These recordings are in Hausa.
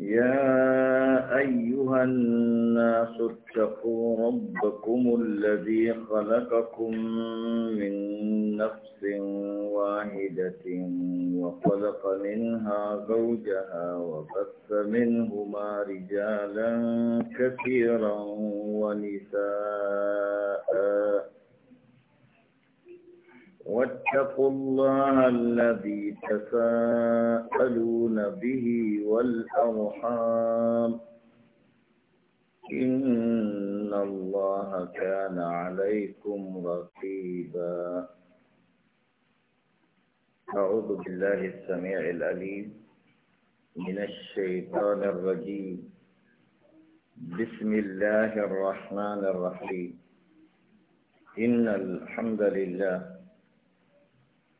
يا أيها الناس اتقوا ربكم الذي خلقكم من نفس واحدة وخلق منها زوجها وبث منهما رجالا كثيرا ونساء واتقوا الله الذي تساءلون به والأرحام إن الله كان عليكم رقيبا أعوذ بالله السميع الأليم من الشيطان الرجيم بسم الله الرحمن الرحيم إن الحمد لله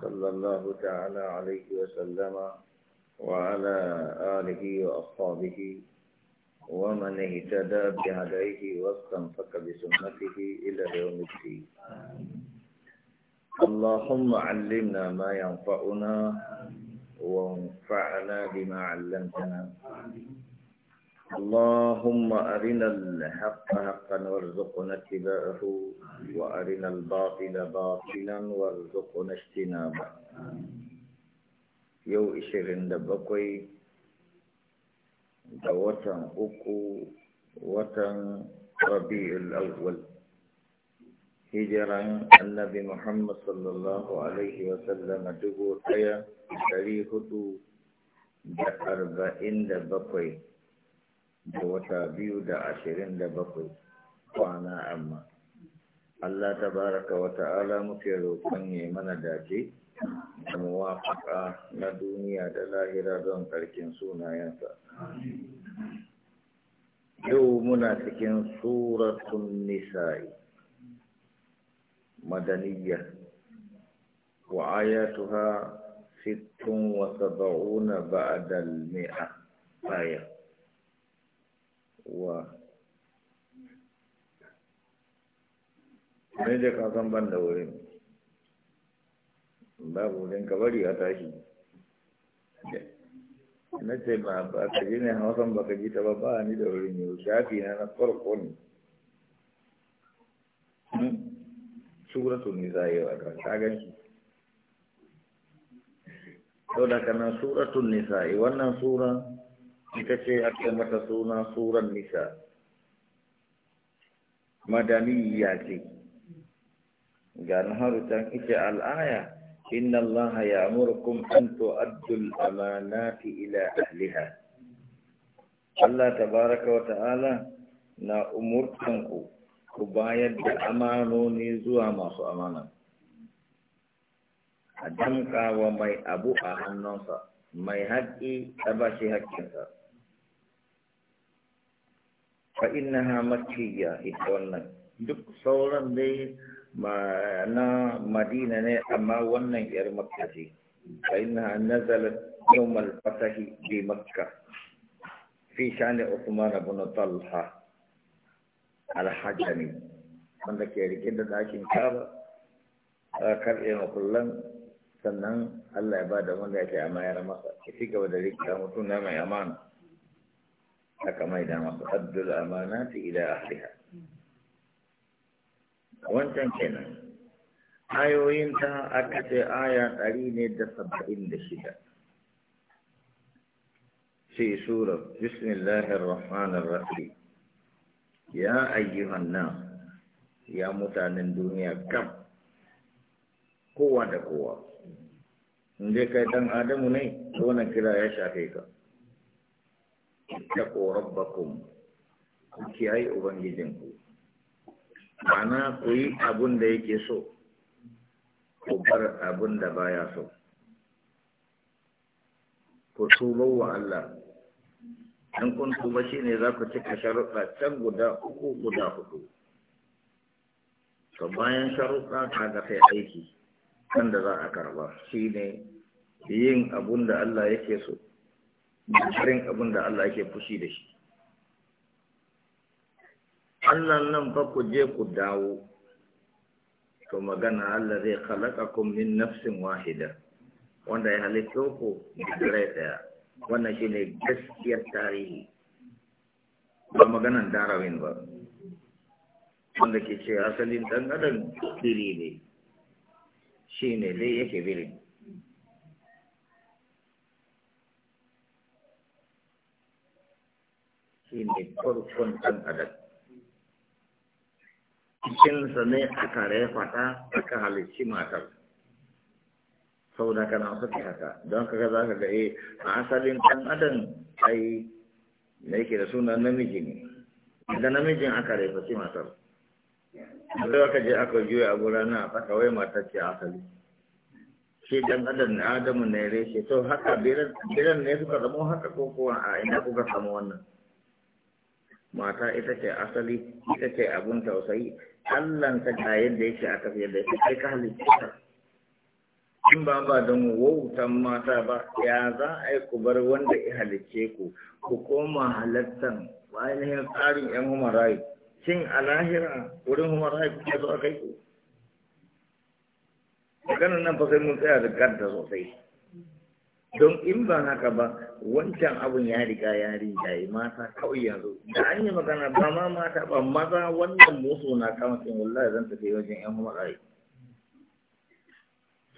صلى الله تعالى عليه وسلم وعلى آله وأصحابه ومن اهتدى بهديه واستنفق بسنته إلى يوم الدين اللهم علمنا ما ينفعنا وانفعنا بما علمتنا اللهم أرنا الحق حقا وارزقنا اتباعه وأرنا الباطل باطلا وارزقنا اجتنابه يو إشرين دبقوي دوتن أكو وتن ربيع الأول هجرا النبي محمد صلى الله عليه وسلم ɗaya dari hudu da arba'in da wata biyu da ashirin da bakwai kwana amma Allah ta baraka wa ta'ala muke roƙon ya mana dace da muwafaka na duniya da lahira don karkin sunayensa. Yau muna cikin suratun nisa'i madaniya wa ayatuha sittun wa saba'una ba'dal mi'a ayat. wa ne da kasan ban da wurin babu wurin ka bari a tashi na ce ma ba ka ji ne hausan ba ka ji ta ba ba ni da wurin yau shafi na na farko ne hmm. suratun nisa yau a kan kagan shi sau da kanan suratun nisa wannan sura ita ce ake mata suna suran nisa madaniya ce ga naharutan ita al'aya inna Allah ya amurkum an amanati ila ahliha Allah tabaraka wa ta'ala na umurtanku ku bayar da amanoni zuwa masu amana a wa mai abu a hannunsa mai haƙƙi ta bashi haƙƙinsa فإنها مكية duk sauran sauran دي na madina ne amma wannan yar makka ce fa inna nazalat yawm al-fath bi makka fi shani Uthman ibn Talha al hajami wanda ke rike da dakin Kaaba karɓe makullan sannan Allah ya bada da wanda yake amayar masa ki ci da rikita mutum na mai amana haka mai da masu addul amana ta ila ahliha wancan kenan ayoyin ta aka ce aya ɗari ne da saba'in da shida sai sura bismillahir rahmanir rahim ya ayyuhan nan, ya mutanen duniya kam kowa da kowa inda kai dan adamu ne wannan kira ya shafe ka اتقوا ربكم kiyaye ubangijinku ma'ana ku yi abun da yake so ku bar abun da baya so ku tuba wa Allah in kun tuba ne za ku cika sharuɗa can guda uku guda hudu to bayan sharuɗa ga kai aiki kan da za a karba ne yin abun da Allah yake so barin abin da Allah yake fushi da shi Allah nan fa ku je ku dawo to magana Allah zai khalaqakum min nafsin wahida wanda ya halitta ku da rai wannan shine gaskiyar tarihi ba maganan darawin ba wanda ke ce asalin dan adam shi ne dai yake biri shi ne farkon ɗan adam cikinsa ne aka refata aka halicci matar saboda haka na suke haka don kaga za ka ga eh, a asalin ɗan adam ai da yake da suna namiji ne da namijin aka refaci matar sai aka je aka juya a gurana a faka wai matar ce asali shi dan adam na adamu ne reshe to haka biran ne suka zamo haka ko kuwa a ina kuka samu wannan mata ita ce asali ita ce abun tausayi Allah ta ga yadda yake a tafiya da ita kai ka halitta in ba ba don wautan mata ba ya za a yi ku bar wanda ya halicce ku ku koma halattan ainihin tsarin yan human rights shin a lahira wurin human rights ya zo a kai ku maganar nan fa sai mun tsaya da gadda sosai don in ba haka ba wancan abun ya riga ya riga yi mata kawai yanzu da an yi magana ba ma mata ba maza wannan musu na kama cin wallahi zan tafi wajen yan matsayi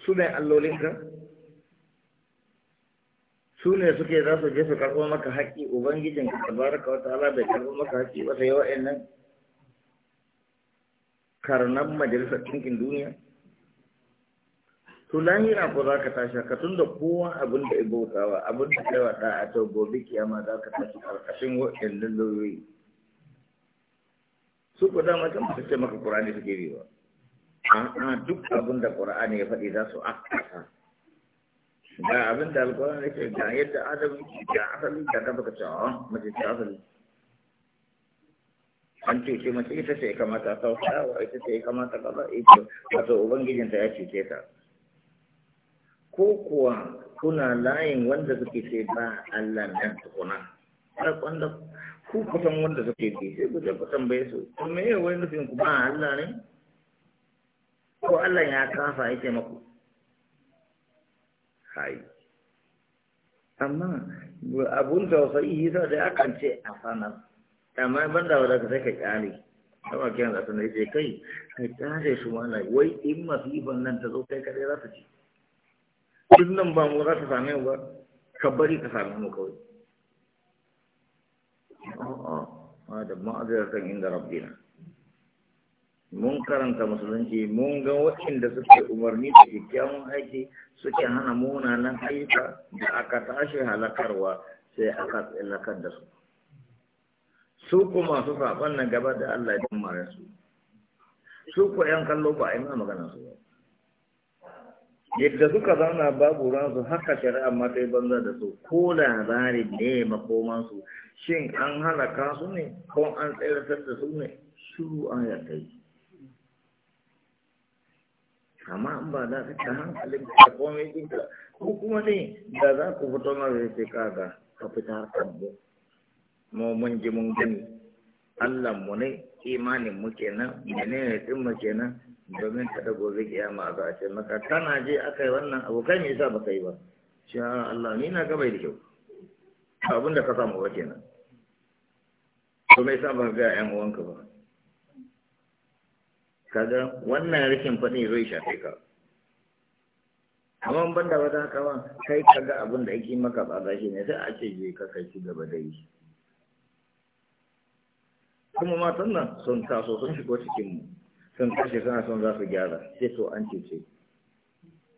su ne allolin ka? su ne suke za su je su karɓo maka haƙƙi ubangijin ka tabaraka wa ta'ala bai karɓo maka haƙƙi ba sai wa'annan karnan majalisar ɗinkin duniya to lahira ko za ka tashi ka tunda da kowa abin da ibautawa abin da kai wata a to gobe kiyama za ka tashi karkashin wa'in lalloyoyi su ko da can su ce maka qur'ani suke yi ba a'a duk abin da qur'ani ya faɗi za su akasa Da abin da alƙur'ani yake ga yadda adam ga asali da ka baka cewa mace ta asali an cuce mace ita ce kamata ta sauka wa ita ce kamata ba ita wato ubangijinta ya cuce ta ko kuwa kuna layin wanda suke ce ba Allah nan tukuna farkon da ku kusan wanda suke ce sai ku je kusan bai su to me ne wai nufin ku ba Allah ne ko Allah ya kafa yake maku hai amma abun da wasa, yi sa da aka ce a sanar amma ban da wadaka sai ka kyale kama kiran da sanar ce kai ka kyale su mana wai in masifan nan ta zo kai kare za su ci in nan ba mu za ka same mu ba ka bari ka same mu kawai a da da ma'aziratan inda rabbina mun karanta musulunci mun ga waɗanda suke umarni da kyakkyawan aiki suke hana munanan ayyuka da aka tashi halakarwa sai aka tsallakar da su su kuma su saɓon na gaba da Allah ya dimma su su ko yan kallo ba a yi magana su ba yadda suka zauna babu ransu haka shari'a ma sai banza da su ko labarin ne makoman shin an halaka su ne ko an tsayar da su ne shiru an ya yi amma an ba za su ta hankalin da komai ko kuma ne da za ku fito na zai ce kaga ka fita harkar mu mu mun ji mun gani Allah mu ne imanin mu kenan menene din mu kenan domin da gobe kiyama a za ce maka kana je aka yi wannan abokai me yasa baka yi ba sha Allah ni na gaba da kyau abin da ka samu ba kenan to me yasa ba ga yan uwanka ba kaga wannan rikin faɗi zai shafe ka amma ban da wata haka ba kai kaga abin da yake maka ba gashi ne sai a ce je ka kai ci gaba da yi kuma matan nan sun taso sun shigo cikin mu sun kashe suna son za su gyara sai to an cece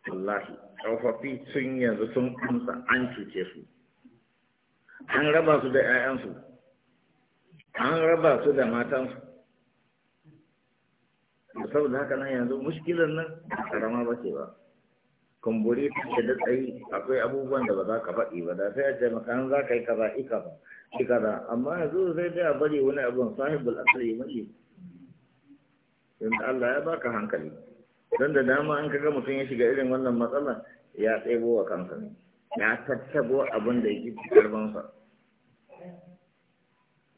wallahi tsofaffi sun yanzu sun amsa an cece su an raba su da 'ya'yansu an raba su da matansu saboda haka nan yanzu mushkilar nan karama ba ce ba kumburi ta ce da tsayi akwai abubuwan da ba za ka faɗi ba da sai a ce maka za ka yi kaza ika ba ika ba, amma yanzu sai dai a bari wani abun sahibul asali mai don Allah ya baka hankali don da dama an kaga mutum ya shiga irin wannan matsala ya tsebo wa kansa ne ya tattabo abin da yake karbansa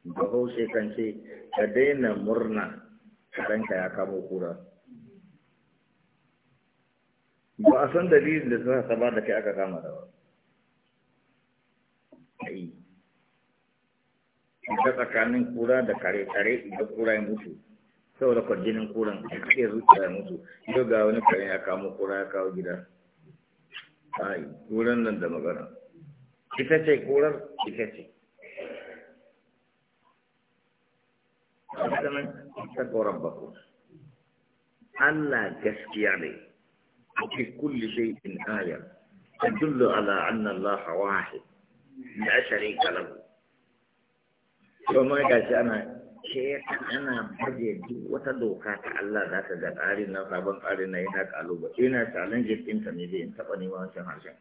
bahaushe kan ce ka daina murna ranka ya kamo kura ba a san dalilin da ta saba da kai aka kama da ba ta tsakanin kura da kare-kare idan kura ya mutu da kwarjinin kuran ya kaɗe zuciya ya mutu yau ga wani kare ya kamo kura ya kawo gida ai kuran nan da magana ita ce kurar ita ce sannan ta koran bako Allah gaskiya ne fi kulli shay'in aya tadullu ala anna Allah wahid la sharika lahu to mai gashi ana ce ana baje duk wata doka ta Allah za ta ga tsarin na sabon tsarin na yana kaluba ina challenges din ta ne zai taba neman wancan harshen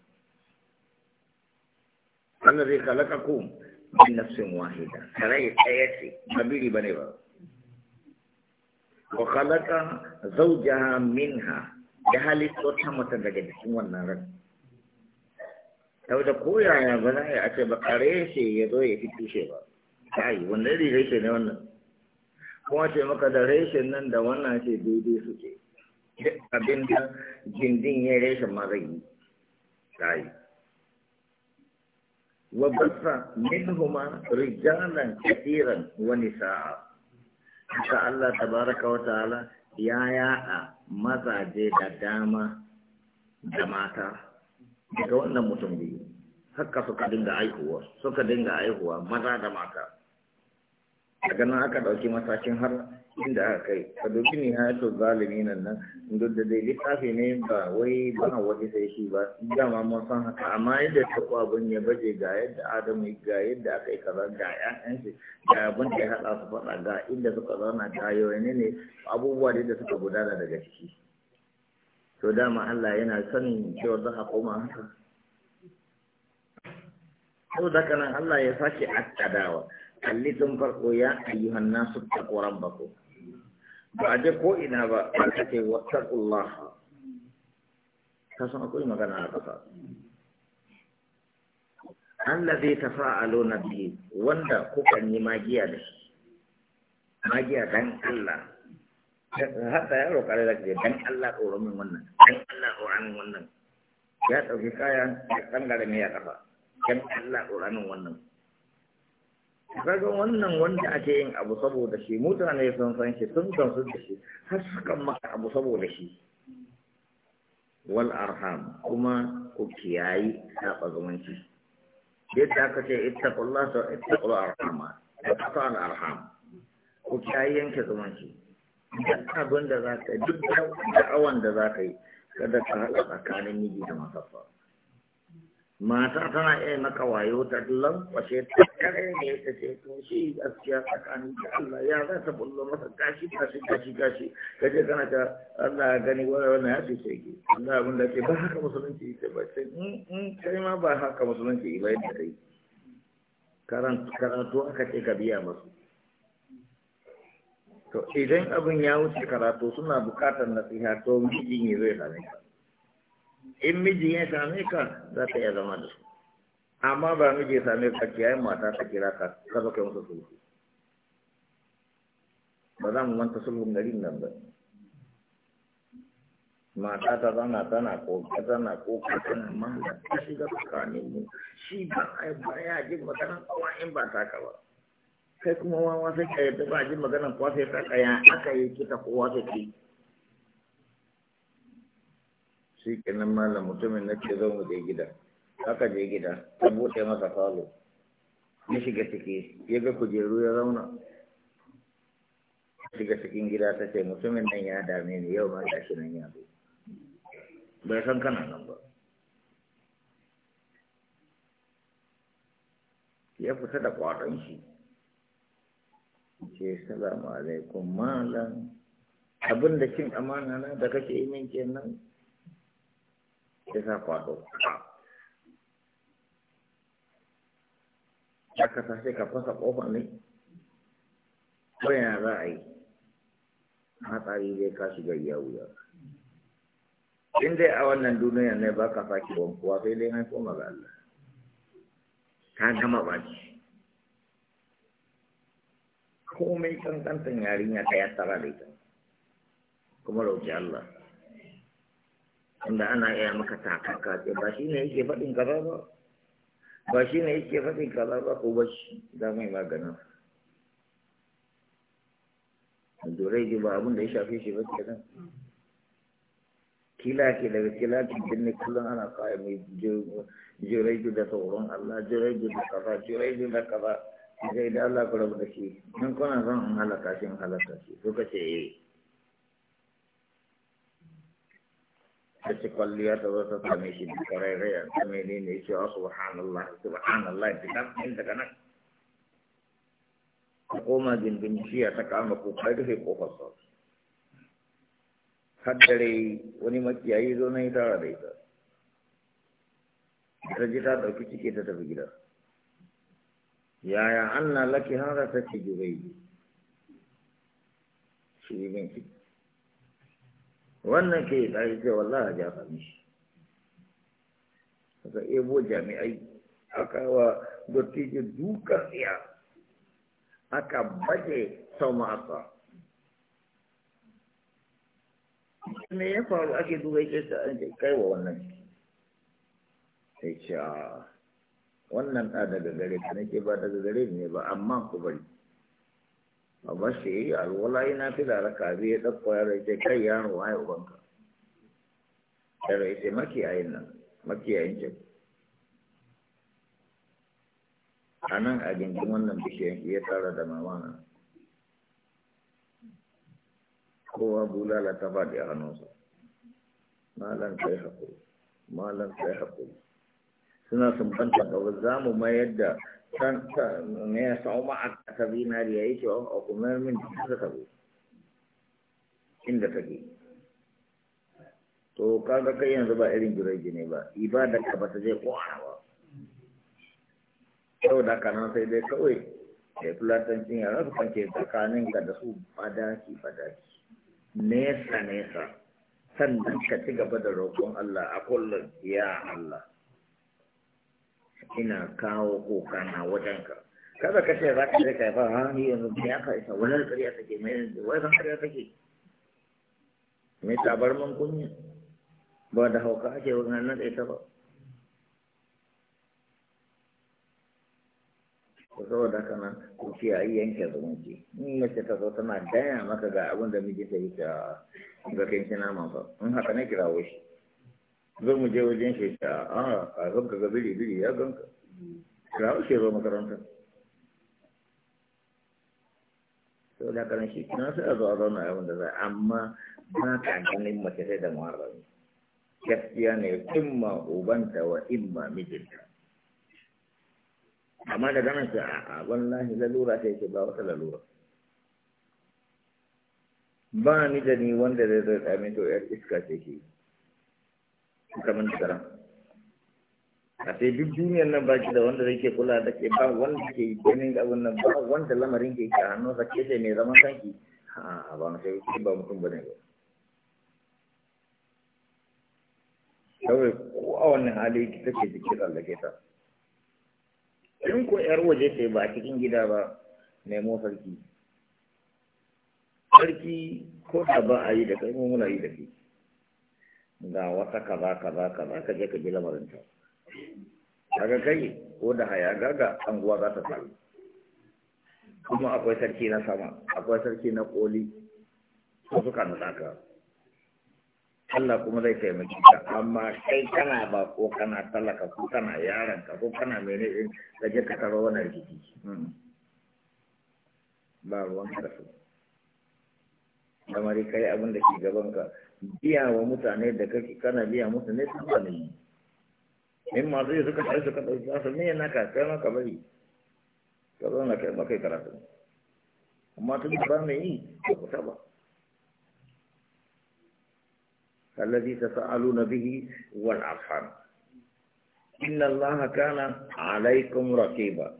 Allah zai kalaka ku min nafsin wahida sarai tsaya ce kabiri bane ba wa khalaqa zawjaha minha ya halitto ta mata daga cikin wannan ran Dauda ko yaya ba za a ce ba kare shi ya zo ya fito shi ba kai wannan rigar shi ne wannan kuma ce maka da reshen nan da wannan ce daidai suke ce. abin da jindin ya reshen ma zai yi tayi wa basa huma rijalan kathiran wa nisaa ta Allah tabaraka wa ta'ala ya yaɗa mazaje da dama da mata daga wannan mutum biyu haka suka dinga aihuwa suka dinga aihuwa maza da mata daga nan aka ɗauki matakin har inda aka kai ka ne ni hayatu zalimi nan nan duk da dai littafi ne ba wai ba wani sai shi ba dama mun san haka amma yadda ta abin ya baje ga yadda adamu ga yadda aka yi kaza ga ƴaƴan shi ga abin da ya haɗa su faɗa ga inda suka zauna ga yoyane ne abubuwa da da suka gudana daga ciki to dama Allah yana sanin cewa za a koma haka Sau da nan Allah ya sake akkadawa kalli tun farko ya ayyuhan nasu taqu rabbakum ba a je ko ina ba ba ta ce wattaqullah ka san akwai magana a ƙasa. An kasa ta zai a Lona biyu wanda kukan yi magiya da shi magiya dan Allah hatta yaro kare da ke dan Allah tsoron min wannan dan Allah tsoron wannan ya ɗauki kayan ya ɗangare mai ya ƙafa, dan Allah tsoron wannan kaga wannan wanda ake yin abu saboda shi mutane sun san shi sun su da shi har sukan maka abu saboda shi wal arham kuma ku kiyayi saba zumunci yadda aka ce ittaqullah to ittaqul arhama ittaqul arham ku kiyayi yanke zumunci duk abin da za ka duk da'awan da za yi kada ka haɗa tsakanin miji da matarsa mata tana iya maka wayo ta lankwashe ta kare ne ya kace to shi gaskiya tsakanin da Allah ya za ta bullo masa gashi gashi gashi gashi kace kana ta Allah ya gani wannan ya fi sai ki Allah abin da ke ba haka musulunci ce ba sai in mm, in mm, kai ma ba haka musulunci ba yadda kai karatu karatu aka ce ka biya masu to idan abin ya wuce karatu suna bukatar nasiha to mijin ya zai same ka in mijin ya same ka za ta iya zama da su amma ba miji same ka kiyaye mata ta kira ka ka zo kai musu sulhu ba za mu manta sulhun garin nan ba mata ta zana tana koka tana koka tana manga ta shiga tsakanin mu shi ba ai ba ya ji maganan kowa in ba ta ka ba kai kuma wawa sai ka yadda ba ji maganan kowa sai ta kaya aka yi kita kowa sai ki shi kenan malam mutumin na ke zaune da gida. gidan aka je gida ta buɗe masa falo ya shiga ciki ya ga kujeru ya zauna shiga cikin gida ta ce mutumin nan ya dame ni yau ma shi nan ya zo bai san kana nan ba ya fita da kwaɗon shi ce salamu alaikum malam abin da cin amana na da kake yi min kenan ya sa kwaɗo ya kasance ka fasa ƙofa ne ko yana za a yi hatsari zai ka shiga iya wuya in dai a wannan duniya ne ba ka sake wankuwa sai dai haifo ma ga Allah ka gama baki komai kankantan yarinya ka ya tara da ita kuma roƙi Allah inda ana iya maka takaka ce ba shi ne yake faɗin kaza ba ba shi ne yake faɗin kaza ba ko bashi za mai maganin durai ba abin ya shafi shi ba ke nan kila ke daga kila ke binne kullum ana kawai mai jurai da sauran Allah jurai da kafa jurai da kafa sai da Allah ku rabu da shi nan kuna zan in halaka shi in halaka shi suka ce eh ta ci kwalliya ta zo ta same shi da karairaya ta mene ne yake wa oh, subhanallah subhanallah ta kan inda kana ta koma gindin shiya ta kama kokari rufe kofar sa wani makiyayi zo na yi tara da ita ta ji ta ta tafi gida yaya an ta wannan ke ɗari ce wallaha ja sami shi aka ebo jami'ai aka wa dottijin dukan tsiya aka baje sama asa me ya faru ake duba ya ta an ce kai wa wannan sai ce wannan ɗa daga gare ka nake ba daga gare ne ba amma ku bari a ba shi yi alwala yana fi da raka biyu ya ɗauko ya rai sai kai yaro waye ubanka Ya rai sai makiyayin nan makiyayin ce a nan a gindin wannan bishiyan ya tara da mamana kowa bulala ta faɗi a hannunsa malan kai haƙuri malan kai haƙuri suna sumbanta kawai za mu mayar da san me ya sau ma a ta zinariya yake a oh, oh, kuma min da ta zo inda take to kaga kai yanzu ba irin jiraji ne ba ibada ka ba ta je kwana ba Yau da kanan sai dai kawai da fulatancin yara su kanke tsakanin ka da su fadaki fadaki nesa nesa sannan ka ci gaba da roƙon Allah a kullum ya Allah ina kawo koka na ka kada ka ce za ka je ka haifa ha ni yanzu ne aka isa wani kariya take mai yanzu wai san kariya take me tabar man kunya ba da hauka ake wannan nan da ita ba saboda haka nan ku kiyaye yanke zumunci in mace ta zo tana gaya maka ga abin da miji ta yi ta ga kai kina ma in haka ne kira shi zan mu je wajen shi a a kafin ka ga biri biri ya ganka ka hau shi zo makaranta sau da karan shi na sai a zo a zauna yawan da za amma na ka ganin mace sai da maharami gaskiya ne imma ubanta wa imma mijinta amma da ganin su a wallahi lalura sai ce ba wata lalura ba ni da ni wanda zai zai tsamin to yar iska ce ke yi kamar karam a sai duk duniyar nan baki da wanda zai ke kula da ke ba wanda ke ganin abin nan ba wanda lamarin ke ke hannun sa ke sai mai zaman sanki a ba mu sai ba mutum bane ba kawai ko a wannan hali ki take jikin tsallake ta in ko yar waje ce ba cikin gida ba nemo sarki sarki ko da ba a yi da kai mu muna yi da kai ga wata kaza kaza kaza ka je ka ji lamarin ta kaga kai ko da haya gaga anguwa za ta faru kuma akwai sarki na sama akwai sarki na koli ko suka nuna ka Allah kuma zai taimaki ka amma kai kana ba ko kana talaka ko kana yaron ka ko kana mene ne ka je ka taro wani rikici hmm. ba ruwan ka so kamar kai abin da ke gaban ka biya wa mutane da kake kana biya musu ne sama ne in ma zai suka tsaye suka tsaye za su ne na ka kai maka bari ka zo na kai maka karatu amma tun da ba mai yi ba ku taba kallazi ta sa'alu na bihi wal afan inna allah kana alaikum rakiba.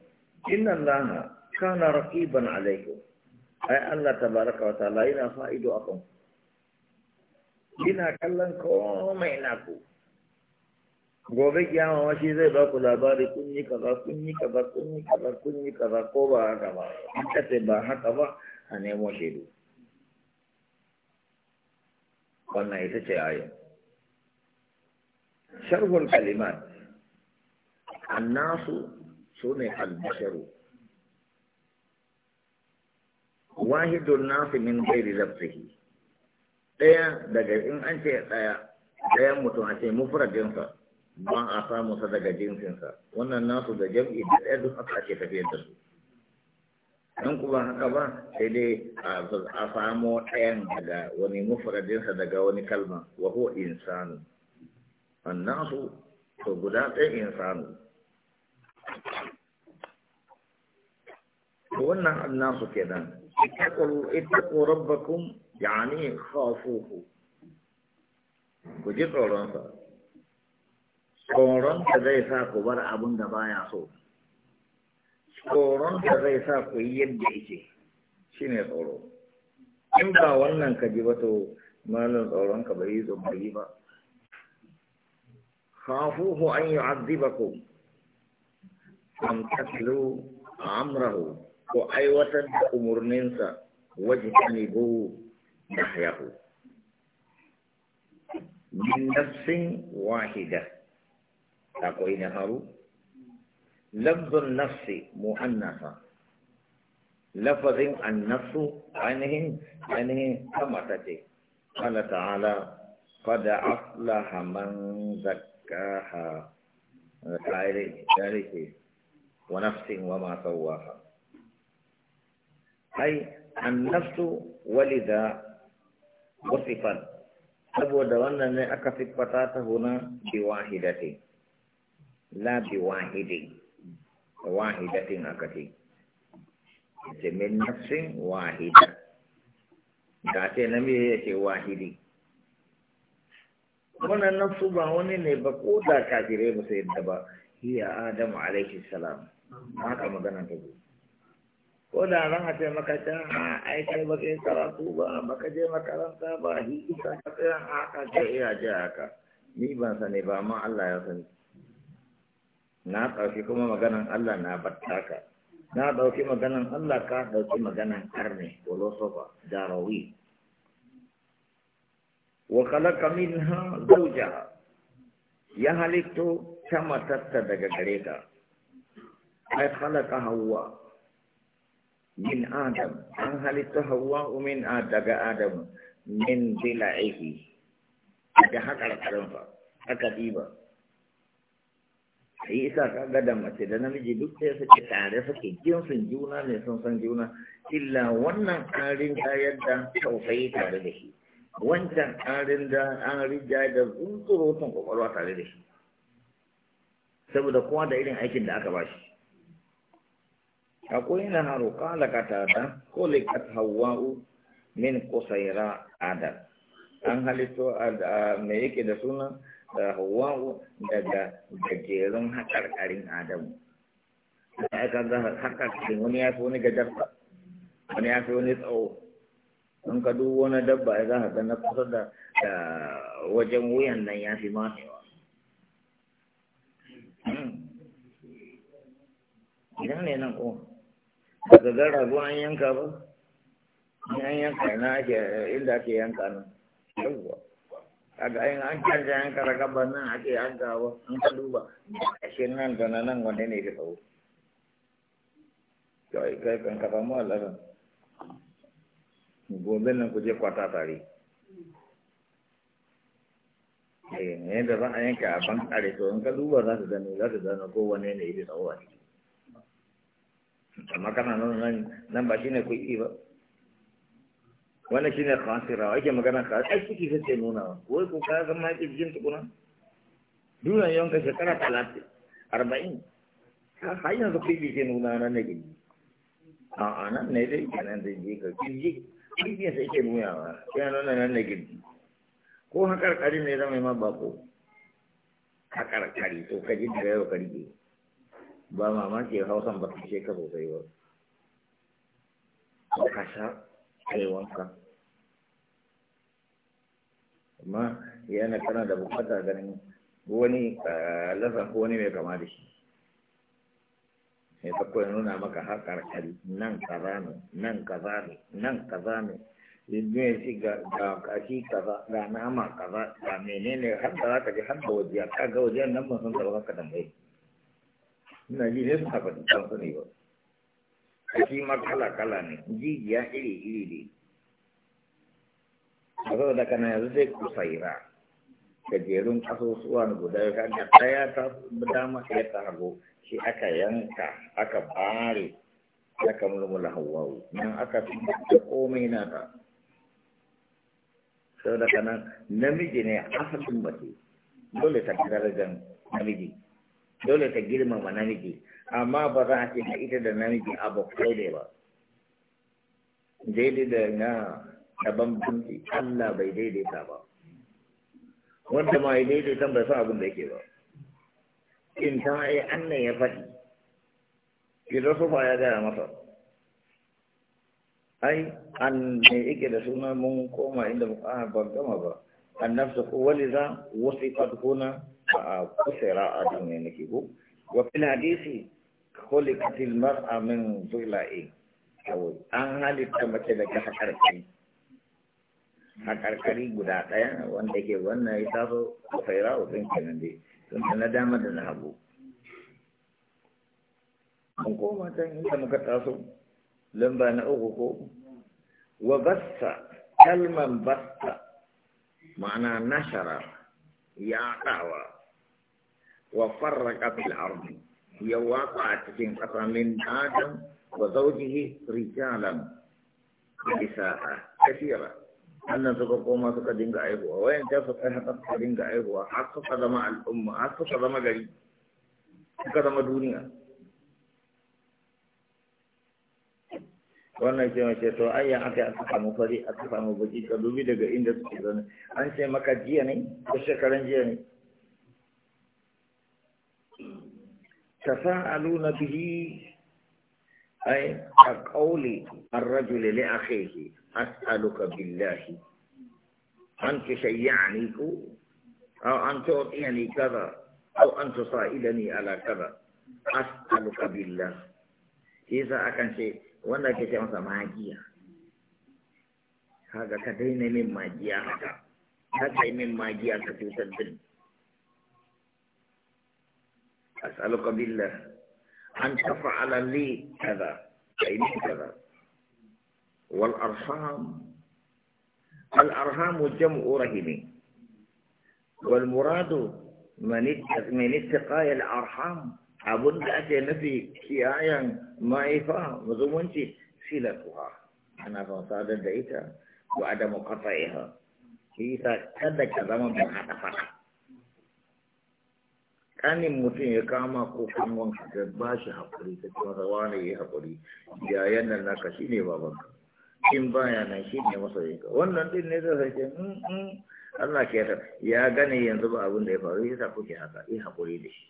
inna allah kana raqiban alaikum ai Allah tabaraka wa ta'ala yana sa a kan Ina kallon komai naku gobe kiyama ma shi zai ba ku labari kun yi kaza kun yi kaza kun yi kaza kun yi kaza ko ba haka ba haka ce ba haka ba a nemo shaidu wannan ita ce ayin sharhul kalimat annasu ne albasharu wahidun nasu min gairi labzihi ɗaya daga in an ce ɗaya ɗayan mutum a ce jinsa, ba a samu sa daga jinsinsa wannan nasu da jam'i da ɗaya duk aka ce tafiyar da su in kuma haka ba sai dai a samu ɗayan daga wani jinsa daga wani kalma wa huwa insanu annasu to guda ɗaya insanu wannan annasu kenan اتقوا اتقوا ربكم يعني خافوه وجدوا ربكم tsoron da zai sa ku bar abin da baya so tsoron da zai sa ku yi yadda yake shine tsoro in ba wannan ka ji ba to malin tsoron ka bai zo bai ba khafuhu an yu'adhibakum am tatlu amrahu ko aiwatar da umarninsa waje ne bu da hayahu min nafsin wahida akwai na haru lafzun nafsi mu'annasa lafazin annasu ainihin ainihin kamata ce قال تعالى قد أفلح من زكاها ذلك ونفس وما سواها ai annafsu walida wasifan saboda wannan ne aka siffata ta huna bi wahidatin la bi wahidin wahidatin aka ce ce min nafsin da wahidi wannan nafsu ba wani ne ba ko da kafirai ba sai yadda ba hiya adamu alaihi salam haka magana ta ko da ran a ce maka can a aikai ba kai karatu ba ba ka je makaranta ba hi isa ka tsaya a haka ce iya je haka ni ban sani ba amma Allah ya sani na ɗauki kuma maganan Allah na battaka na ɗauki maganan Allah ka ɗauki maganan karne philosopher jarawi wa khalaqa minha zawjaha ya halitto ta matatta daga gare ta ai khalaqa hawa min Adam an halitta Hawwa min adaga Adam min dila'ihi da hakar karanfa aka diba sai isa kaga da mace da namiji duk sai suke tare suke sa juna ne sun san juna sila wannan ƙarin ta yadda tausayi tare da shi wancan ƙarin da an rija da unturo sun kwakwalwa tare da shi saboda kowa da irin aikin da aka akwai na haru kala katata kulikat hawa'u min kosaira ada. Anghal itu ada yake ada suna da hawa'u daga gajerun haƙarƙarin adamu da aka ga haƙarƙarin wani ya fi wani gajarta Ini ya fi wani tsawo in ka duk wani dabba ya za ka na kusa da wajen wuyan nan ya fi mamewa hmm. idan ne nan kuma daga ga rago an yanka ba an yanka na ake inda ake yanka nan yawwa kaga in an canza yanka raga ba nan ake yanka ba an ka duba ashe nan da nan wanne ne da tsawo kai kai kan ka samu alaran gobe nan ku je kwata tare eh ne da ba a yanka a ban kare to in ka duba za ka gani za ka gano ko wanne ne da tsawo a ciki amma kana nan nan nan ba shine kuɗi ba wannan shine khasira ake magana ka ai kike sai nuna wai ko ka zama ki jin tukuna duniya ka shekara 30 40 har yanzu kuɗi ke nuna nan ne gidi a nan ne dai kenan da je ka kirji kirji sai ke nuna ba sai nan nan ne gidi ko hakar hakarkari ne zama ma bako hakarkari to ka ji da yau ka rige ba mamaki hausan ba ta ce ka sosai ba ka sha kai wanka amma yana kana da bukata ganin wani eh, lasa ko wani mai kama da shi sai ta ya nuna maka haƙar kari nan kaza ne nan kaza ne nan kaza ne yanzu ya ga kashi kaza ga nama kaza ga menene har da za ka ji har da wajiya ka ga wajiyar nan ban san da ba ka tambaye ina ji ne suna faɗi kan su ba kashi ma kala kala ne jijiya iri iri ne a saboda kana yanzu sai kusaira gajerun ƙasusuwan guda kaga ɗaya ta dama ɗaya ta hagu shi aka yanka aka bare aka mulmula hawawu nan aka fi komai na ta sau da kanan namiji ne asalin mace dole ta fi darajar namiji dole ta girmama namiji amma ba za a ce na ita da namiji abokai ne ba daidai da na da bambanci Allah bai daidaita ba wanda ma ya daidaita bai san abin da yake ba in ta ai annan ya faɗi filosofa ya gaya masa ai an ne yake da suna mun koma inda mu ba gama ba annafsu ko waliza wasu ikatu kuna a kusura a duniya nake ko wa fil hadisi khuliqatil mar'a min zula'i kawai an halitta mace daga hakarkari hakarkari guda ɗaya wanda ke wannan ya taso kusura a sun kenan dai sun na dama da na hagu an koma can taso na uku ko wa kalman basta ma'ana nashara ya wa farraqa fil ardi ya waqa a cikin ƙasa min adam wa zawjihi rijalan nisaa kathira annan suka koma suka dinga aihuwa wayan ta suka haka suka dinga aihuwa har suka zama al'umma har suka zama gari suka zama duniya wannan ce mace to ai ya aka aka samu fari aka samu baki ka dubi daga inda suke zaune an ce maka jiya ne ko shekaran jiya ne تفاعلون به أي كقول الرجل لأخيه أسألك بالله أن تشيعني أو أن تعطيني كذا أو أن تصائلني على كذا أسألك بالله إذا أكن شيء وأنا كشيء مثلا ماجية هذا كدين من ماجية هذا هذا من ماجية كتوتر أسألك بالله أن تفعل لي كذا أي لي كذا والأرحام الأرحام جمع رحم والمراد من من اتقاء الأرحام أبن أتي نفي كيايا ما إفا مزومنتي سيلتها أنا فصادت ديتا وعدم قطعها إذا كذا كذا من حتى فقط kanin mutum ya kama ko wanka, ka ba shi hakuri, ka ce masa wane ya haƙuri ya yanda naka shi ne babanka in baya nan shi ne masa yanka wannan din ne zai sai in mm, mm, Allah ke ta ya gane yanzu ba abin da ya faru yasa kuke haka yi haƙuri da shi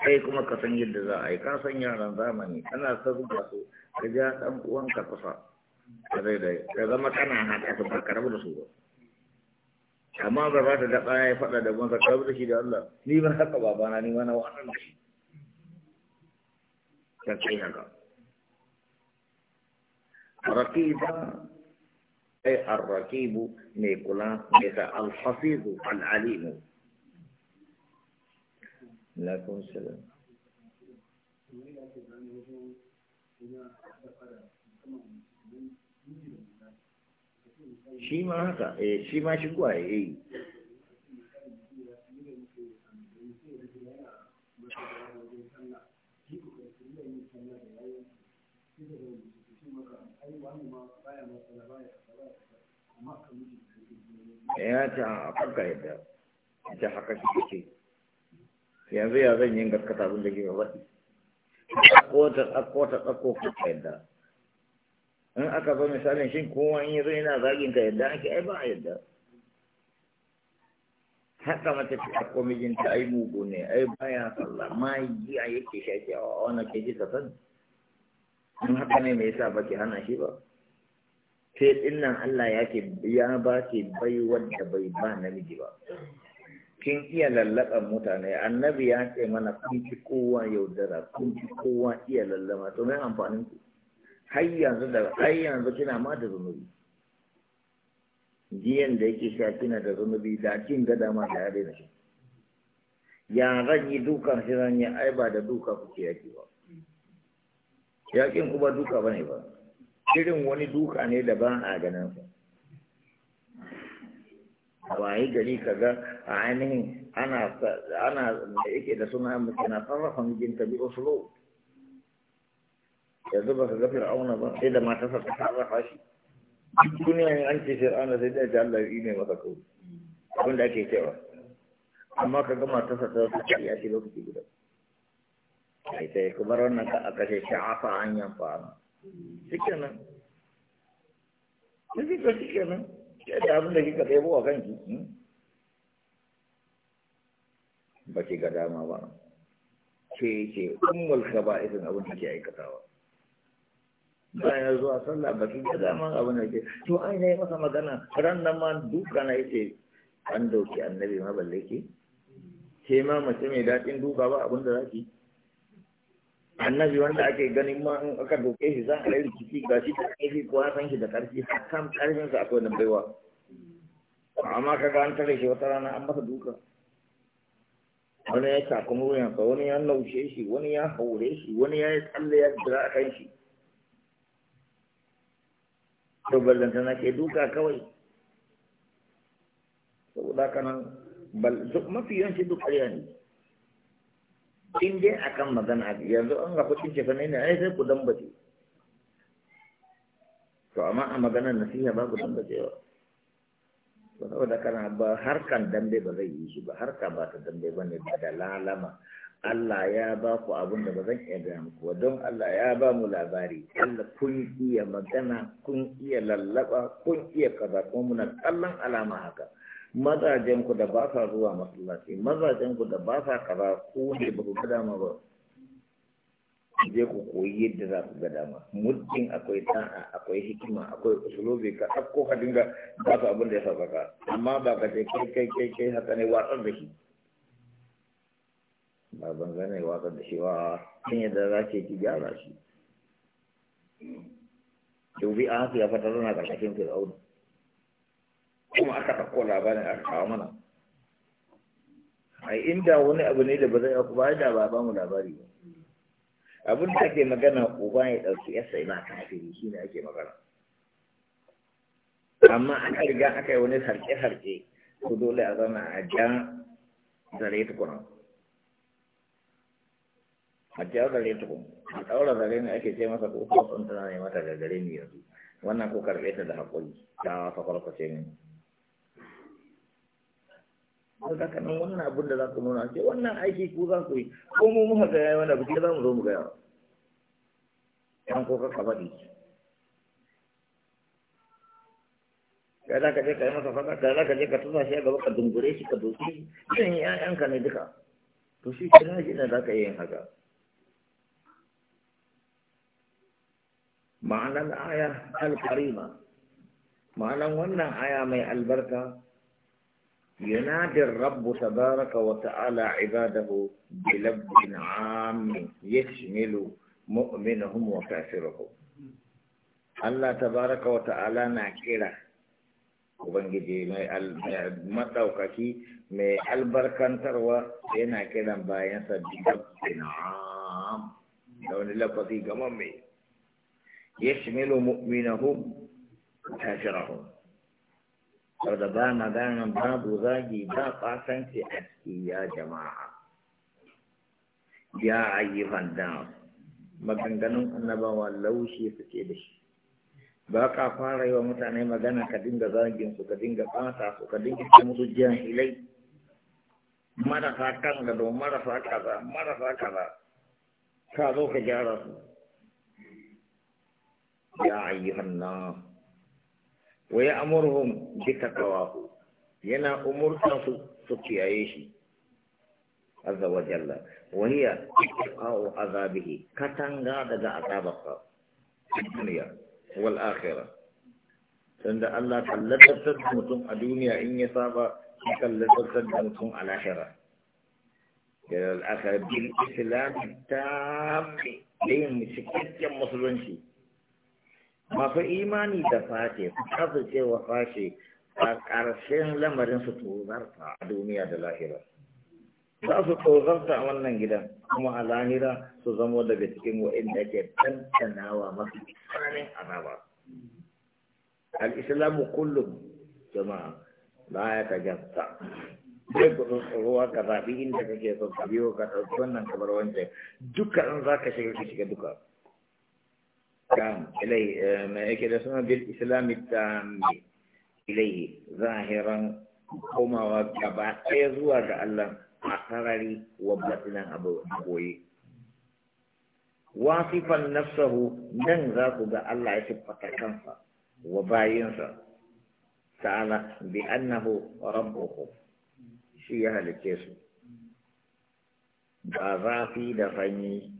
kai kuma ka san yadda za a yi ka san yaran zamani ana sa su ka ja ɗan uwanka kusa ka zai da ka zama kana haka su ba ka rabu da su ba amma ba za ta da ɗaya ya faɗa da wansa kawo da shi da Allah ni ban haka babana ni mana wa'annan da shi ta kai haka rakiba ai arrakibu mai kula mai da alhafizu al'alimu lakon salam Thank you. shi ma haka eh shi ma shi kuwa ya yi ya a kanka haka shi yanzu ya zan yin gaskata abin da ke gaba ɗi ɗakko ta ɗakko ta yadda in aka zo misalin shin kowa in yazo yana zagin ka yadda ake ai ba a yadda haka mace ce a ta ai mugu ne ai baya sallah ma yi a yake shaƙi a wani ke ji kasan in haka ne mai sa ba ke hana shi ba sai din nan Allah ya ke ya ba ke bai wanda bai ba namiji ba kin iya lallaɓar mutane annabi ya ce mana kun fi kowa yaudara kun fi kowa iya lallama to mai amfanin ku har yanzu da har yanzu kina ma da zunubi jiyan da yake sha kina da zunubi da kin ga dama da ya daina shi ya zan yi dukan shi zan yi ai ba da duka kuke yaki ba yakin ku ba duka bane ba irin wani duka ne da ban a ganin sa waye gari kaga a ainihin ana ana da yake da suna mace na farrafa mijinta bi oslo yanzu ba ka ga fir'auna ba sai da mata sa ta rafa shi duniya ne an ce ana sai da ta Allah ne masa kawai abin da ake cewa amma ka ga mata sa ta rafa ya ce lokaci guda sai ta yi kuma ranar ka a kashe shi afa an yan fara shike nan shike ka shike nan da abin da kika ɗebo a kanki hmm? ba ki ga dama ba ce ce ummul khaba'ithun abin da ke aikatawa bayan zuwa sallah ba su gada man abin da ke to ai ne yi masa magana ran nan ma duka na yace an dauki annabi ma balle ke ke ma mace mai daɗin duka ba abin da zaki annabi wanda ake ganin ma in aka doke shi za a rikici ga shi da yi ko san shi da ƙarfi kan sa akwai nan baiwa amma kaga an tare shi wata rana an masa duka wani ya cakumi wuyansa wani ya laushe shi wani ya haure shi wani ya yi tsalle ya jira a kan shi to ballanta na ke duka kawai saboda haka nan mafi yawanci duk ƙarya ne in dai kan magana yanzu an ga kuɗin ce ne ai sai ku dambace to amma a maganar nasiha ba ku ba saboda kana ba harkan dambe ba zai yi shi ba harka ba ta dambe ba ne ba da lalama Allah ya ba ku abin da ba zan iya gaya muku ba don Allah ya ba mu labari Allah kun iya magana kun iya lallaba kun iya kaza kuma muna kallon alama haka mazajen ku da ba sa zuwa masallaci mazajen ku da ba sa kaza ku ne ba ku ga dama ba je ku koyi yadda za ku ga dama muddin akwai ta'a akwai hikima akwai usulobi ka ɗauko ka dinga ba su abin da ya ba. amma ba ka ce kai kai kai kai haka ne watsar da shi ba bangane waƙar da shewa sun yadda za ce ki gyara shi dubi bi an ya fatar na karkashin fir'auna kuma aka ɗauko labarin aka kawo mana a inda wani abu ne da ba zai aku ba da ba ba mu labari ba abin da ake magana uba ya ɗauki yasa ina kafiri shi ne ake magana amma aka riga aka yi wani sarke-sarke ku dole a zama a jan zare tukuna hajjiyar zare tukun a ɗaura zare ne ake ce masa ko kuma sun tana ne mata gare ne yanzu wannan ko karɓe ta da haƙuri ta farko ce ko da haka wannan abin da za ku nuna ce wannan aiki ku za ku yi ko mu muka ga yayi wannan abu za mu zo mu yawa yan ko ka faɗi kai da ka je ka yi masa faɗa ka da ka je ka tusa shi a gaba ka dungure shi ka doki yin ya'yanka ne duka to shi kira shi ne za ka yi yin haka ma'anan aya alkarima ma'anan wannan aya mai albarka yunadir rabbu tabaraka wa ta'ala ibadahu bi labbin ammi yashmilu mu'minuhum wa kafiruhum Allah tabaraka wa ta'ala na kira ubangiji mai madaukaki mai albarkantarwa yana kiran bayansa bi labbin ammi da wani mai يشمل مؤمنهم وكافرهم saboda ba maganan babu zagi ba kwatanci a ciki ya jama'a ya ayyukan da maganganun annabawa laushi suke da shi ba ka fara yiwa mutane magana ka dinga zagin su ka dinga fata su ka dinga ce musu jiyan ilai marasa kan gado marasa kaza marasa kaza ka zo ka gyara su يا أيها الناس ويأمرهم بتقواه ينا أمور سكي عيشي عز وجل وهي اتقاء عذابه كتنغا دغا عذابك في الدنيا والآخرة عند الله تلتت متم الدنيا إن يصاب تلتت متم الآخرة الآخرة بالإسلام التام لين مسكت مسلمشي masu imani da fashe su cewa fashe a ƙarshen lamarin su tozarta a duniya da lahira za su tozarta a wannan gidan kuma a lahira su zamo daga cikin wa'inda ke tantanawa mafi tsanin azaba al kullum jama'a ba ya jasta sai ku ruwa ka zaɓi inda kake so ka biyo ka ɗauki wannan kamar wancan duka an za ka shiga ka shiga duka da eley bil bir İslam İslam iley zahiren kuma ve gaba ya zuwa ga Allah akrari wa batinan abu yi wasifan nafsahu nan za ku ga Allah ya tabbata kansa wa bayinsa ta'ala bi annahu rabbuhu shi ya halice su ba zafi da sanyi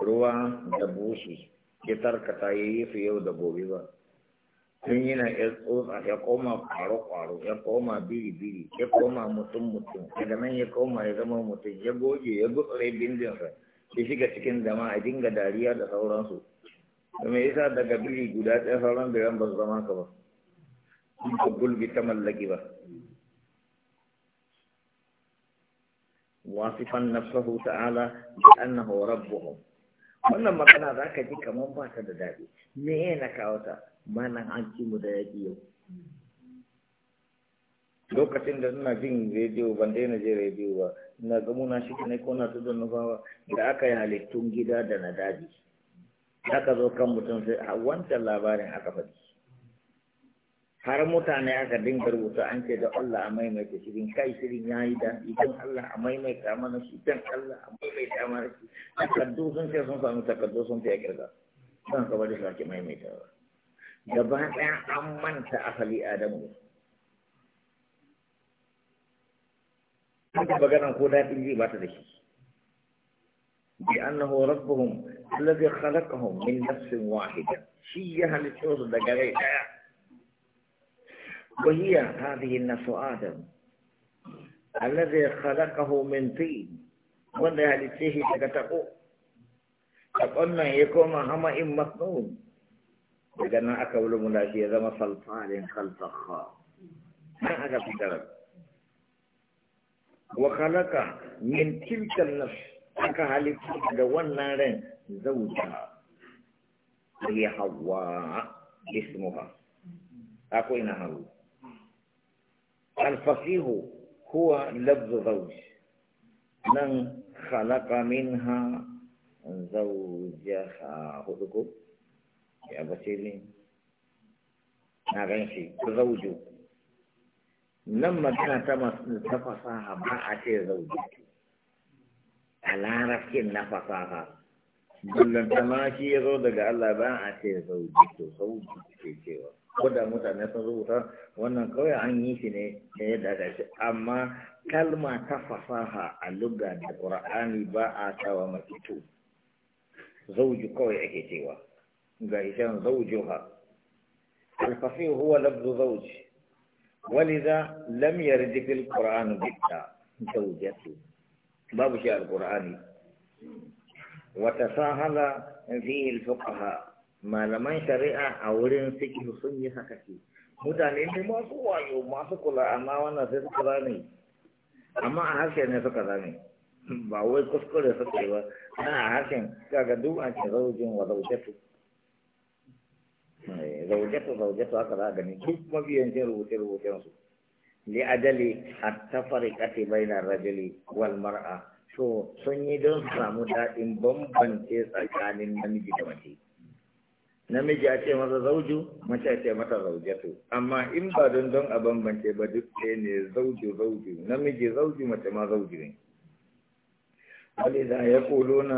ruwa da busi کتر کتائی فیو دبوی با تنین از اوز یا قوما قارو قارو یا قوما بیری بیری یا قوما متم متم یا دمان یا قوما یا دمان متم یا گو جی یا گو قلی بندن سا کسی کا چکن دما ایدنگ داریا دا سوران سو تمہیں ایسا دا گبیری گودا تا سوران بیرام بس زمان کبا ان کو گل بھی تمل لگی با واصفا نفسه تعالى بأنه ربهم wannan magana za ka ji kamar ba ta da daɗi me na kawo ta malam an ci mu da yaƙi yau lokacin da suna jin rediyo ban daina je rediyo ba ina ga muna shi ne ko na tudun nufawa da aka yi halittun gida da na daji aka zo kan mutum sai a wancan labarin aka faɗi har mutane aka dinga rubuta an ce da Allah a maimaita shirin kai shirin ya yi da idan Allah a maimaita mana shi dan Allah a maimaita mana shi takardu sun ce sun sami takardu sun ce fiye kirga don ka bari sake maimaita ba gaba ɗaya an manta asali adamu haka maganan ko daɗin ji ba ta da shi بأنه ربهم الذي خلقهم من نفس واحدة شيء هل تشوز ɗaya. وهي هذه النفس آدم الذي خلقه من طين وذا لسيه تكتقو تقولنا يكون هما إن مخنون لأن أكبر مناجي ذا مصل فعل خلف خاء ما في لك وخلق من تلك النفس أكا هالي تدوان نارين زوجها هي حواء اسمها أكو إنها هو الفصيح هو لفظ زوج من خلق منها زوجها هدوكو يا بسيلين نغنشي زوجو لما كانت تفصاها ما أتي زوجتي على رفك نفصاها بلن تماشي يزود الله ما أتي زوجته زوجته كيوا koda mutane sun rubuta wannan kawai an yi shi ne da yadda aka shi amma kalma ta fasaha a lugha da qur'ani ba a tawa mafito zauji kawai ake cewa ga ishan zaujuha al-fasih huwa zauj الفصيح هو لفظ زوج ولذا لم يرد zaujatu babu shi al-qur'ani wa tasahala وتساهل al-fuqaha malaman shari'a a wurin sikin sun yi haka ke mutane ne masu wayo masu kula amma wannan sai suka zame amma a harshen ne suka zame ba wai kuskure suka yi ba na a harshen kaga duk an ce zaujin wa Zaujetu-zaujetu eh, zaujatu haka za a gani duk mabiyancin rubuce-rubucen su li ajali at-tafariqati bainar rajuli wal mar'a to sun yi don su samu daɗin bambance tsakanin namiji da mace namiji a ce masa zauju mace a ce mata zaujatu amma in ba don don a bambance ba duk ɗaya ne zauju zauju namiji zauju mace ma zauju ne Wani ولذا يقولون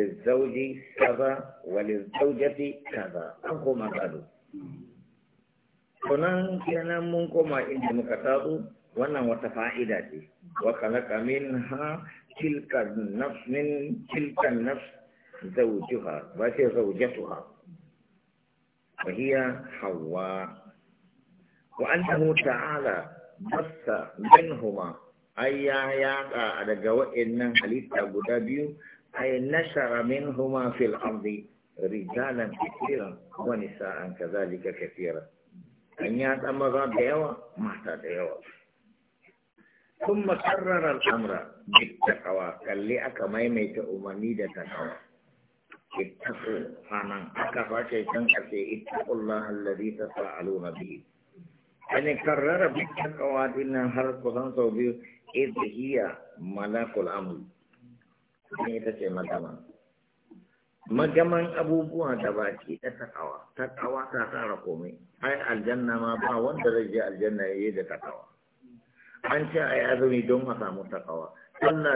للزوج كذا وللزوجة an koma قالوا Kunan kenan mun koma inda muka tatsu wannan wata fa'ida ce, wa kalaka min ha tilkan nafs min tilkan nafs zaujuha ba ce zaujatuha. وهي حواء وأنه تعالى بس منهما أي على رجوء إن حليت أبو دابيو أي نشر منهما في الأرض رجالا كثيرا ونساء كذلك كثيرا أن يعقى مضى ديوة مات ديوة ثم كرر الأمر بالتقوى كاللي أكميمة أمامي تقوى اتقوا فانا اكفى شيطان كفي اتقوا الله الذي تفعلون به يعني كرر بالتقوى هر إذ هي ملاك الأمر ita ce magaman abubuwa da baki da takawa takawa ta tsara komai ai aljanna ma ba wanda zai je aljanna yayi da takawa an ce ai azumi don a samu takawa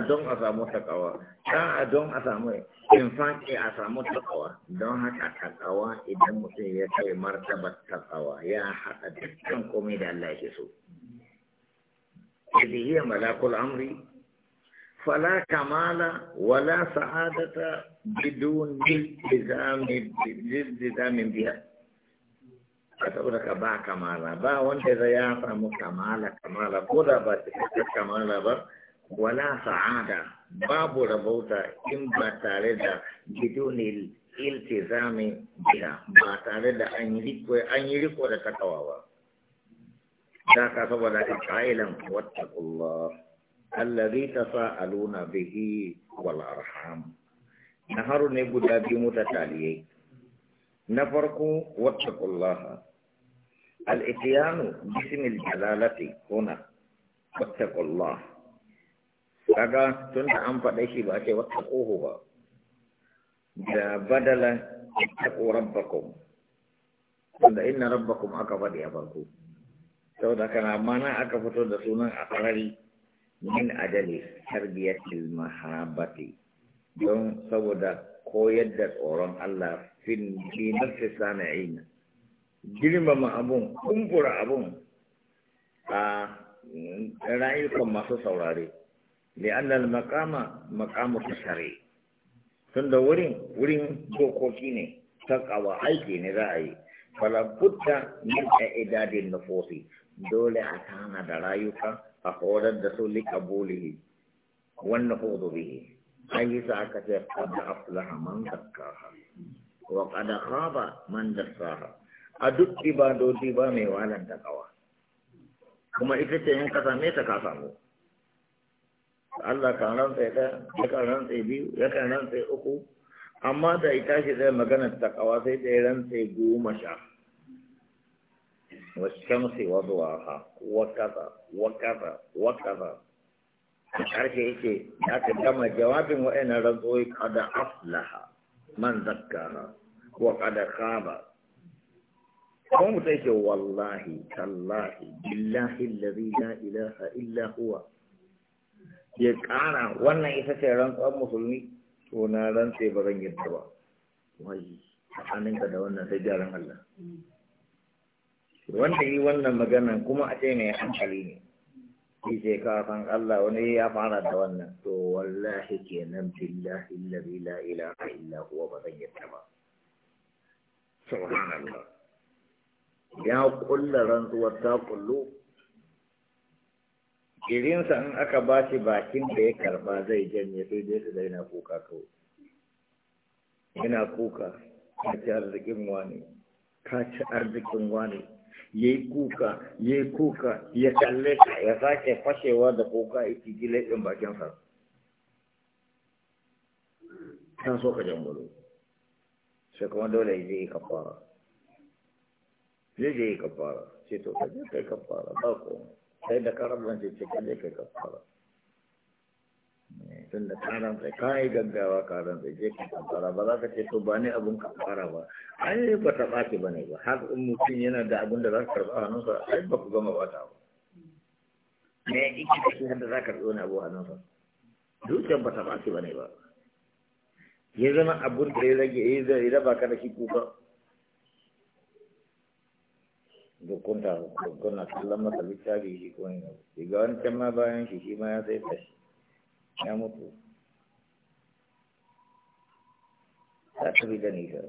don a samu takawa da'a don a samu in faɗi eh, a samu takawa don haka takawa idan mutum ya kai martabar takawa ya haɗa dukkan komai da Allah yake so. idan iya malakul amri, fala kamala wala sa'adata bidun diltizamin biya. A saboda ka ba kamala, ba wanda zai ya samu kamala kamala ko da ba cikakken kamala ba, wala sa'ada babu rabauta in ba tare da bidonil iltizami biha ba tare da an yi riko da takawa ba da ka saboda ƙa'ilan wattaqullah allazi tasaaluna bihi wal arham naharu ne guda biyu mutataliyai na farko wattaqullah al-ityanu bismil jalalati na? wattaqullah kaga tun da an faɗa shi ba a ce wata ƙoho ba da badala ta rabbakum tunda inna rabbakum aka faɗi a farko saboda kana mana aka fito da sunan a farari min adali tarbiyatil mahabati don saboda koyar da tsoron Allah fin dinar sana'ina girmama abun kumbura abun a rayukan masu saurare li'annal maqama maqamu tashari tunda wurin wurin kokoki ne takawa aiki ne za a yi fala budda min a'idadin nufusi dole a tana da rayuka a horar da su liqabulihi wan nufudu bihi ayi sa aka ce qad aflaha man zakkaha wa qad khaba man dassaha a duk ibadodi ba mai walanta kawa kuma ita ce in ka same ta ka samu Allah kan rantsa ɗaya ya kan rantsa biyu ya kan rantsa uku amma da ita shi zai magana takawa sai da ya rantsa goma sha wasu waduwaha wakaza wakaza wakaza a ƙarshe yake ya ka gama jawabin wa'annan rantsuwai kada aflaha man zakkaha wa kada khaba kuma mutum yake wallahi tallahi billahi allazi la ilaha illa huwa ya ƙara wannan ita ce rantsuwar musulmi to na rantse ba zan yadda ba wai ka da wannan sai gyaran Allah wanda yi wannan magana kuma a ce mai hankali ne shi ce ka san Allah wani ya fara da wannan to wallahi kenan billahi allazi la ilaha illa huwa ba zan yadda ba subhanallah ya kullu rantsuwar ta kullu irinsa in aka ba shi bakin da ya karba zai janye sai dai su daina kuka kawai yana kuka ka ci arzikin wani ka ci arzikin wani ya yi kuka ya yi kuka ya kalle ka ya sake fashewa da kuka iki gile ɗin bakinsa ta so ka jan gudu sai kuma dole ya je yi kafara zai je yi kafara sai to ka je kai kafara ba komai sai da karan zai ce kalle kai kafara eh, tun da karan zai kayi gaggawa karan zai je kan kafara ba za ka ce to ba ne abin kafara ba ai ba ta ɓaci ba ne ba har in mutum yana da abin da za ka karɓa hannunsa ai ba ku gama bata ba me ya ƙi da shi har da za ka karɓi wani abu hannunsa dukiyar ba ta ɓaci ba ne ba ya zama abin da ya rage ya raba ka da shi kuka dukunta kuna kallon masa littafi shi ko ne daga wancan ma bayan shi shi ma ya sai tashi ya mutu ta bi da nisa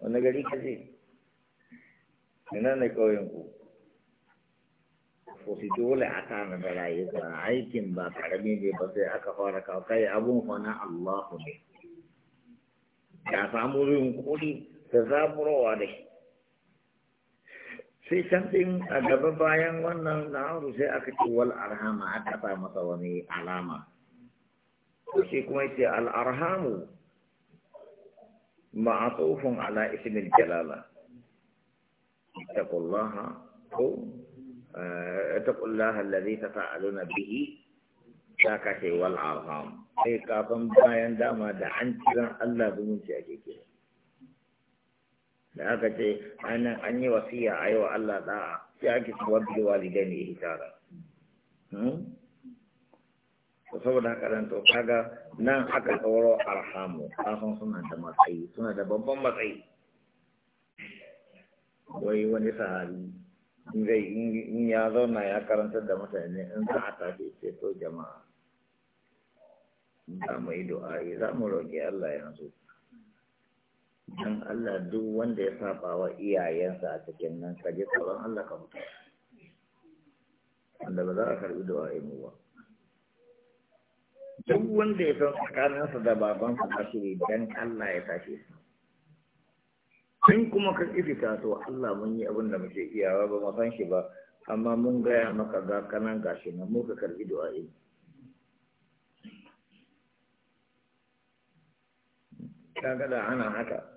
wani gari ka ce ina ne kauyen ku dole a kana da rayuka aikin ba karami ne ba sai aka fara kawai. kai abun fana Allahu ne ya samu yin kuri da zaburowa da shi sai can ɗin a gaba bayan wannan na'aru sai aka ce wal arhama a sa masa wani alama sai kuma yace al arhamu ma'atufun ala ismin jalala ittaqullaha ko eh, ittaqullaha alladhi tasaaluna bihi ta kashe wal arham sai kafin bayan dama da an kiran Allah zumunci ake kira da aka ce anan an yi wasiya a yi wa Allah da'a sai ake cewa biyu ya ne hitara to saboda haka nan to kaga nan aka tsoro arhamu kasan suna da matsayi suna da babban matsayi wai wani sahari in zai in ya zauna ya karanta da mutane in za a tafi ce to jama'a za mu yi du'a za mu roƙi Allah yanzu don Allah duk wanda ya saba wa iyayensa a cikin nan ka je tsoron Allah ka mutu wanda ba za a karbi da wa'ayi ba duk wanda ya san tsakaninsa da babansa ba shi don Allah ya tashi in kuma ka ifita to Allah mun yi abin da muke iyawa ba mu san shi ba amma mun gaya maka ga kanan gashi na mu ka karbi da wa'ayi kaga da ana haka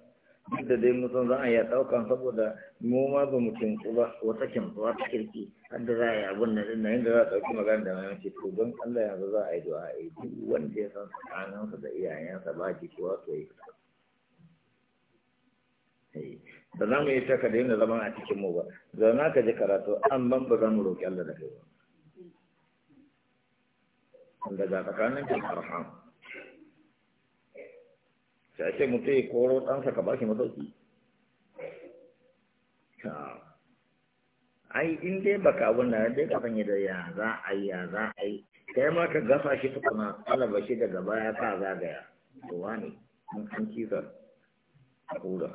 duk da dai mutum za a iya ɗaukan saboda mu ma ba mu kinku ba wata kinku ta kirki hadda da za a yi abin da ɗin da za a ɗauki magana da mai mace to don Allah yanzu za a yi du'a a eh, yi duk wanda ya san tsakaninsa da iyayensa ba jituwa to yi eh, ba za mu yi ta ka daina zama a cikin mu ba zauna ka ji karatu an ban ba za mu roƙi Allah da kai ba wanda daga tsakanin kan arham sai ce mutum ya koro ɗansa ka bashi masauki ai in dai baka abin da dai ka sanya da ya za a yi ya za a yi kai ma ka gasa shi kuma alaba shi daga baya ka zagaya Kowa ne in an kisa a kura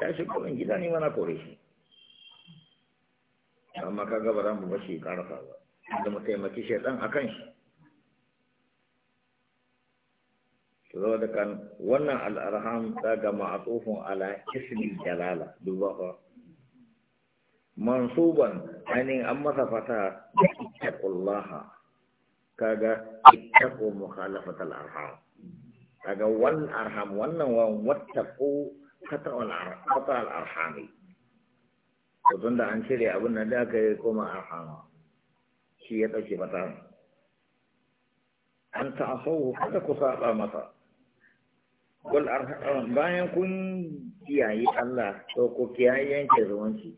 ta shi kuma gida ne mana kore shi amma ka gaba za mu bashi karasa ba da mu taimaki shaidan a kan shi saboda kan wannan al'arham ta ga ma'atufin ala ismi jalala duba fa mansuban ainihin an masa fata da ittaqullaha kaga ittaqu mukhalafat al-arham kaga wal arham wannan wa wattaqu qata al-arham to tunda an cire abin nan da aka yi koma arhama shi ya dauke mata an ta'afahu kada ku saba masa wal arham ah, bayan kun kiyaye Allah to ku kiyaye yanke zuwanci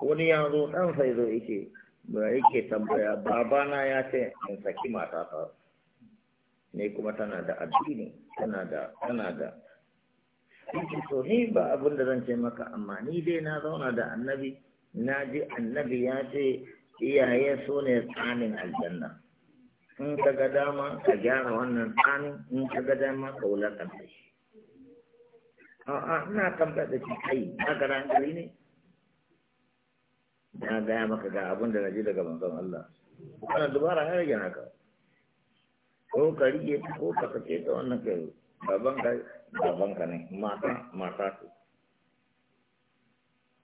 wani ya zo dan sai zo yake ba yake tambaya babana ya ce in saki matata ne kuma tana da addini tana da tana da to ni ba abin da zan ce maka amma ni dai na zauna da annabi na ji annabi ya ce iyaye su ne tsanin aljanna in ka ga dama ka gyara wannan tsanin in ka ga dama ka wulakanta shi a'a ina tambaya da shi kai ka ga rankari ne na gaya maka ga abin da na ji daga manzon Allah kana dubara ya rage naka ko ka rige ko ka sake ta wannan kai baban ka baban ka ne mata mata ce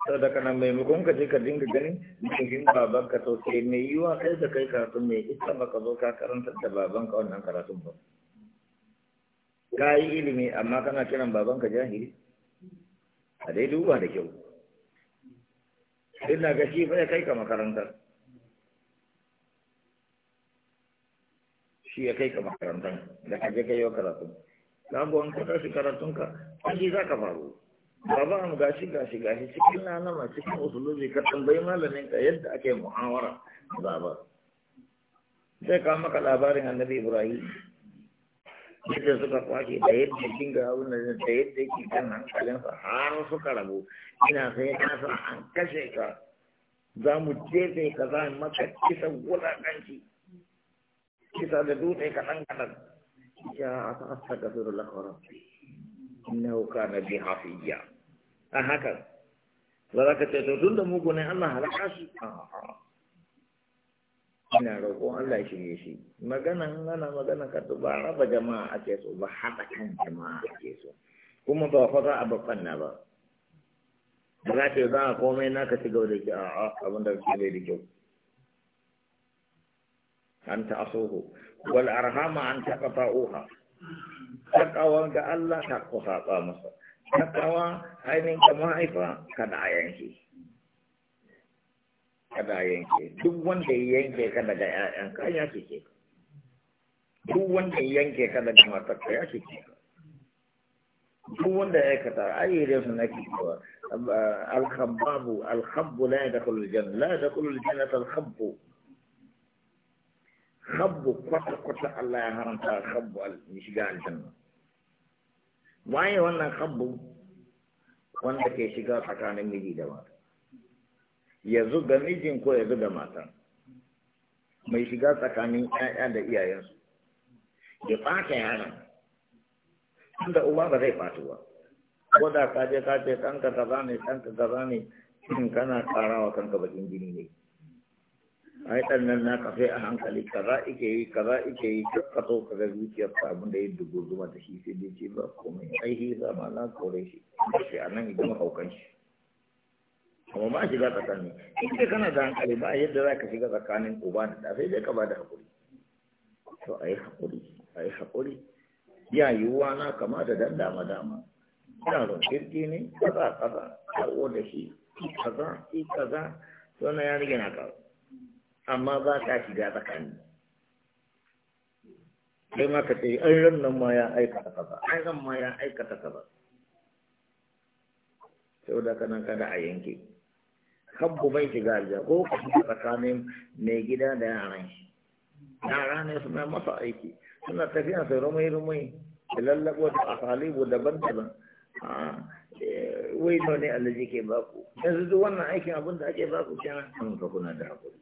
sau da kana maimakon ka je ka dinga ganin jikin babanka to sai mai yiwa kai da kai karatun mai ita ka zo ka karanta da babanka wannan karatu ba ka yi ilimi amma kana kiran babanka jahili a dai duba da kyau duk na shi fa ya kai ka makaranta shi ya kai ka makaranta da ka kai ka karatu wa karatun ka buwan ka tashi karatunka kwanci za ka faru baban gashi gashi gashi cikin nanama cikin usulubi ka tambayi malamin ka yadda ake muhawara baba sai ka maka labarin annabi ibrahim yadda suka kwashe da yadda dinga abin da da yadda yake kan hankalinsa har suka rabu ina sai ka sa an kashe ka za mu jefe ka za mu maka kisan wulaƙanci kisa da dutse kaɗan kaɗan ya a ta astagfirullah wa rabbi innahu kana bi hafiya a haka ba za ka ce to tun da mugu ne Allah halaka shi ina roƙon Allah ne shi maganan ana magana ka ba raba jama'a a ke so ba haɗa kan jama'a a ke so kuma ba fa a babban na ba ba za ka yi za a komai na ka shiga da ke a abin da ke da kyau an ta'asuhu wal arhama an taqata'uha takawa ga Allah ta kusa saba masa na tsawa ainihin ka mahaifa kada a yanke kada a yanke duk wanda ya yanke ka daga ƴaƴan ka ya cike duk wanda ya yanke ka daga matar ka ya cike ka duk wanda ya aikata ayi da su nake cewa alkhabbabu alkhabbu la yadkhulu jan la yadkhulu aljannata alkhabbu Habbu kwata kwata Allah ya haramta khabbu al shiga aljanna waye wannan habbu wanda ke shiga tsakanin miji da mata ya zuga mijin ko ya zuga mata, mai shiga tsakanin ƴaƴa da iyayensu ya ɓata yaran tunda uba ba zai ɓata ba ko da ka je ka ce ɗanka kaza ne ɗanka kaza ne kana ƙarawa kanka bakin jini ne ai dan nan na kafe a hankali kaza ike yi kaza ike yi ka so ka ga zuciyar ta abin da ya dubu zuma da shi sai dai ce ba komai ai shi ma na kore shi shi a nan idan haukan shi amma ba shiga tsakani in dai kana da hankali ba yadda za ka shiga tsakanin uba da ta sai dai ka ba da hakuri to ai hakuri ai hakuri ya wa na kama da dan dama dama yaron kirki ne kaza kaza ya da shi kaza kaza to na ya rige na kawo amma ba ka shiga tsakani sai ma ka ce an ran nan ma ya aikata ba ai ran ma ya aikata ba sau da kanan kada a yanke ku bai shiga aljiya ko ka shiga tsakanin mai gida da yaran shi yara ne suna masa aiki suna tafiya sai rumai rumai da lallabo da asalibu daban-daban e, wai ne alaji ke baku yanzu duk wannan aikin abin da ake baku kenan kan ka kuna da hakuri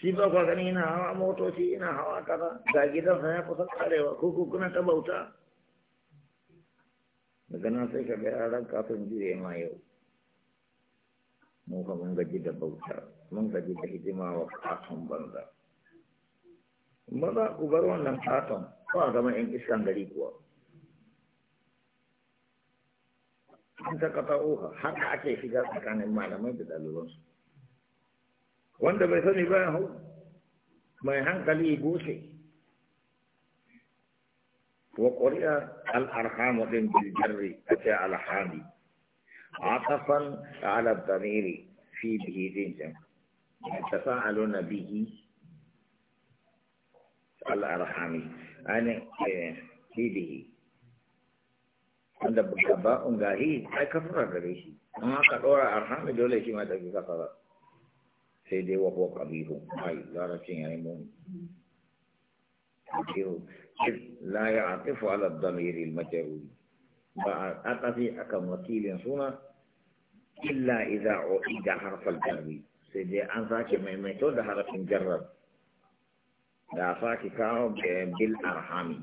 shi ba kwa gani hawa motoci ina hawa kaza ga gidansa ya kusa karewa ko kuna ta bauta daga nan sai ka ga yaran kafin jure ma yau mun ka mun gaji bauta mun gaji da hidima wa katon banza maza ku bar wannan katon ko a zama yan iskan gari kuwa an ta kata uha ake shiga tsakanin malamai da ɗalibansu wanda bai sani ba ya hau mai hankali goce wa ƙuri'a al'arhamu ɗin biljarri a ce alhami a kafan al'adamiri fi bihi ɗin can ta sa'alo na bihi al'arhami ainihin eh, fi bihi wanda gaba ungahi ai kafara gare shi amma ka ɗora arhami dole shi ma ta fi kafara sai dai wa huwa qabihu ai larabcin yayi mu qabihu la ya'tifu ala ad-damir al-majrur ba atafi akan wakilin suna illa idza uida harf al-jarri sai dai an sake maimaito da harafin jarrar da sake kawo bil arhami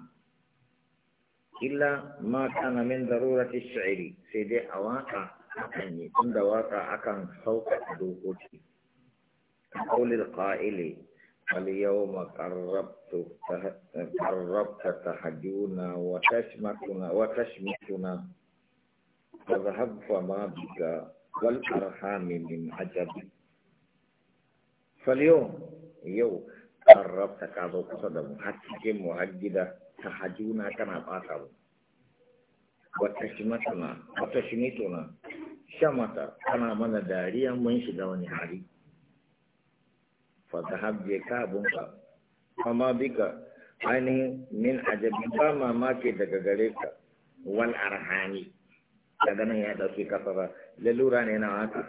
illa ma kana min darurati shi'ri sai dai a waka akan yi tunda waka akan sauka dokoki قول القائل اليوم قربت قربت تهجونا وتشمتنا وتشمتنا فذهب فما بك والأرحام من عجب فاليوم يوم قربت كذا قصدم حجك مهجدة تهجونا كما باتوا وتشمتنا وتشمتنا شمتا أنا من داريا من شدوني عليك fadhahab je ka abunka amma bika ainihin min ajabin ba mamaki daga gare ka wal arhani daga nan ya dauki ba, lalura ne na haka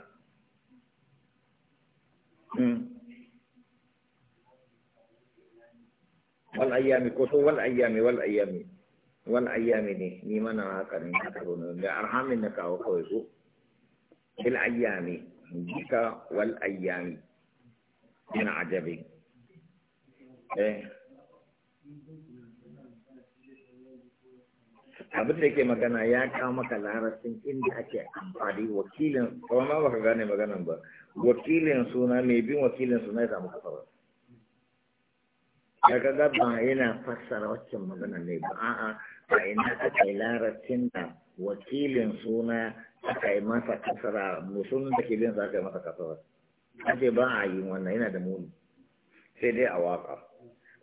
wal ayyami ko to wal ayyami wal ayyami wal ayyami ne ni mana haka ne ka karo ne da arhamin na kawo kawai ko bil ayyami bika wal ayyami من عجب eh abin da ke magana ya kawo maka larabcin inda ake amfani wakilin kawai ma baka gane maganan ba wakilin suna mai bin wakilin suna ya samu kafa daga gaba yana fassara wacce magana ne ba a'a a ina aka yi larabcin da wakilin suna aka yi masa kasara musulun da ke bin sa aka yi masa kasara aje ba a yi wannan yana da muni sai dai a waka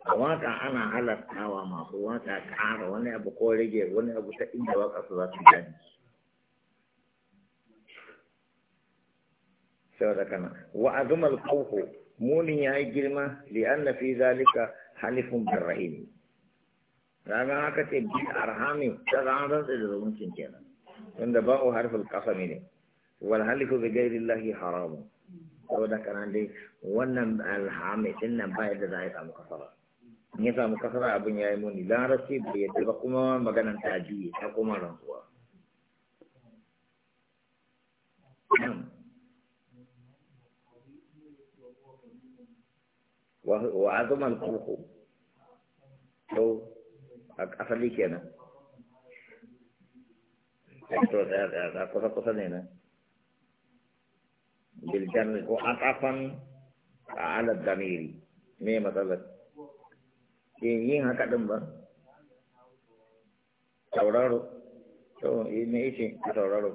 a waka ana halartawa masu waka ƙara wani abu ko rage wani abu ta inda waka su za su gani saboda kana wa azumar kauho munin ya yi girma li'anna fi zalika halifun birrahim ranar haka ce bi arhamin ta ranar da zumuncin kenan wanda ba'u harfin kasami ne wal halifu bi gairi lahi haramun saboda kana dai wannan alhamisin nan ba da za a samu kasara in ya samu kasara abin ya muni. muni larabci bai yadda ba kuma maganan ta juye ta kuma rantsuwa hmm. wa azumar kuku to a asali kenan to da kusa kusa ne بالجر وعطفا على الضمير ما مثلا yin haka din ba sauraro to me yake sauraro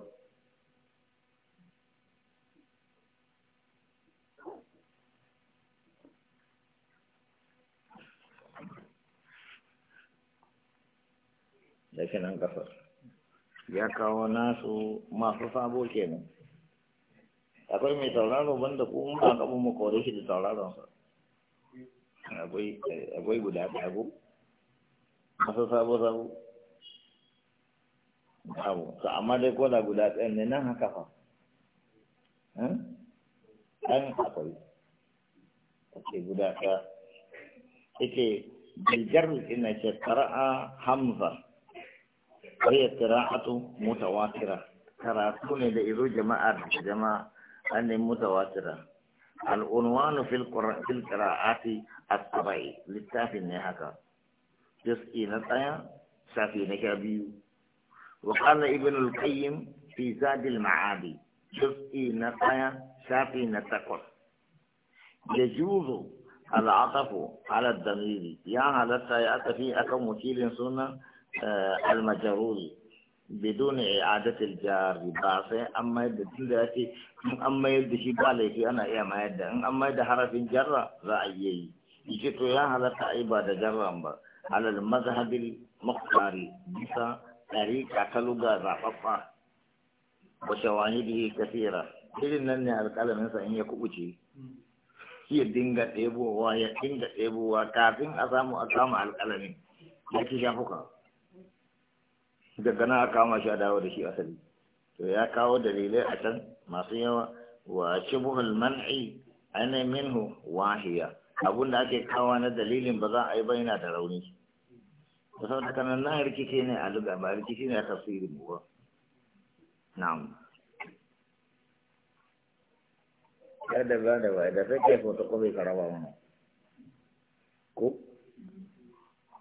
da nan kafa ya kawo nasu masu sabo kenan akwai mai tauraro banda ko mun ka kabu mu kore shi da tauraro sa akwai akwai guda ɗaya ko masu sabo sabo babu to amma dai ko da guda ɗaya ne nan haka fa ɗan hm? akwai ake guda ɗaya ake بالجر إن قراءة حمزة وهي قراءة ne da izo جماعة jama'a. أن متواترة العنوان في القرآن في القراءات السبع للتافي النهاكا جزء نطايا سافي نكابيو وقال ابن القيم في زاد المعادي جزء نطايا سافي نتاكوس يجوز العطف على الضمير يا هذا سيأتي في أكم وكيل سنة آه، المجرور bidone a adadin jari ba sai an mayar da tun da ya an mayar da shi ba laifiye ana iya mayar da ta in an mayar da harafin jarra za ayi yi yi ya to yin halarta a yi ba da jarran ba halar madadin maƙwabari disa dari da kalar da faffa tsira irin nan ne alkalamin san in ya kubuce. ya dinga tebuwa kafin a samu akalamin ya ki shafuka. daga nan a kama shi a dawo da shi asali to ya kawo dalilai a can masu yawa wa shibuhul man'i ana minhu wahiya abun da ake kawo na dalilin ba za a yi ba yana da rauni kusan da kanan na rikici ne a luga ba rikici ne a tafsirin ba na'am ya da ba da ba da sai kai fotokofi ka raba mana ko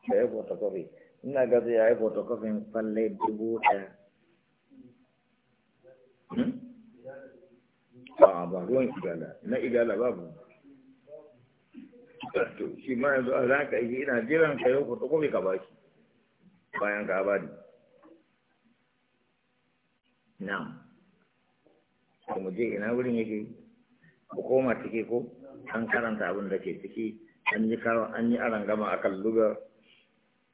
sai fotokofi ina ga ya yi fotokofin falle dubu ɗaya ba hmm? ba ruwan igala na igala babu to shi ma yanzu a za ka yi ina jiran ka yau fotokofi ka baki bayan ka bani na mu je ina wurin yake ku koma ciki ko an karanta abin da ke ciki an yi kawo an yi arangama akan lugar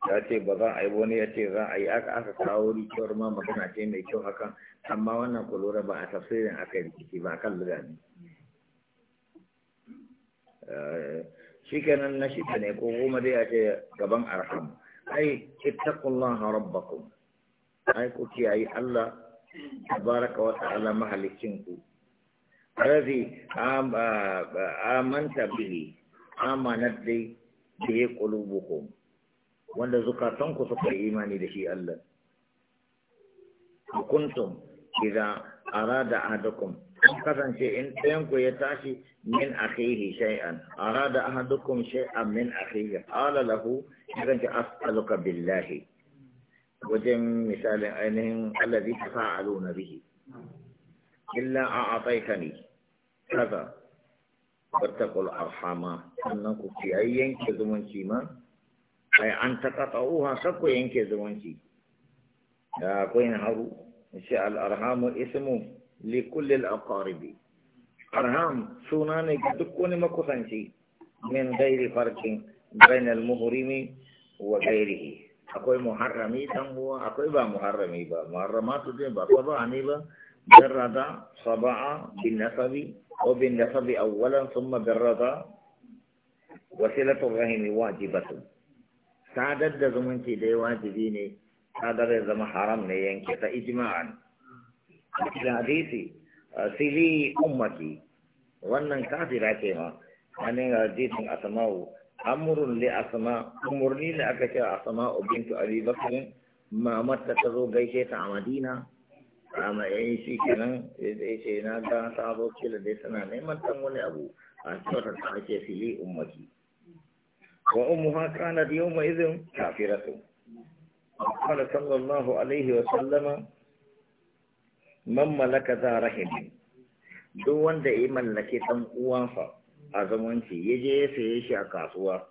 ya ce ba za a yi wani ya ce za a yi aka aka kawo rikiyar ma magana ce mai kyau hakan amma wannan kulura ba a tafsirin aka yi rikici ba kan lura ne eh, shi kenan na shi ne ko kuma dai a ce gaban arham ai haram rabbakum ai ku kiyaye Allah tabaraka wa ta'ala mahalicin ku razi ah, ah, amanta bihi amanat dai kulubu kuma wanda zukatanku suka yi imani da shi Allah kuntum idza arada ahadukum kun kasance in ɗayanku ya tashi min akhihi shay'an arada ahadukum shay'an min akhihi qala lahu idan ta as'aluka billahi wajen misalin ainihin allazi tafa'aluna bihi illa a'ataitani kaza wattaqul arhama sannan ku ci ayyanki zumunci ma أي أن تقطعوها سكو ينكي زوانتي يا كوين هارو الأرهام اسمه لكل الأقارب أرهام سوناني تكوني مكوثنتي من غير فرق بين المهرم وغيره أكوي محرمي تنبوا أكوي با محرمي با محرمات دي با قضا عنيبا جرد صباعا بالنسب وبالنسب أولا ثم جرد وسيلة الرحم واجبة sadar da zumunci da dai wajibi ne sadar da zama haram ne yanke ta ijma'an da hadisi ah, sili ummati wannan kafira ce ma wani hadisin asma'u amrun li asma umurni da aka ce asma'u bintu abi bakr mamarta ta zo gaishe ta a madina amma ah, yayin eh, shi kenan ya ce na ga sabo kila dai suna neman tan wani abu a ah, cewa ta ake sili ummati وأمها كانت يومئذ كافرة قال صلى الله عليه وسلم من ملك ذا رحم duk wanda ya mallake ɗan uwansa a zamanci ya je ya saye shi a kasuwa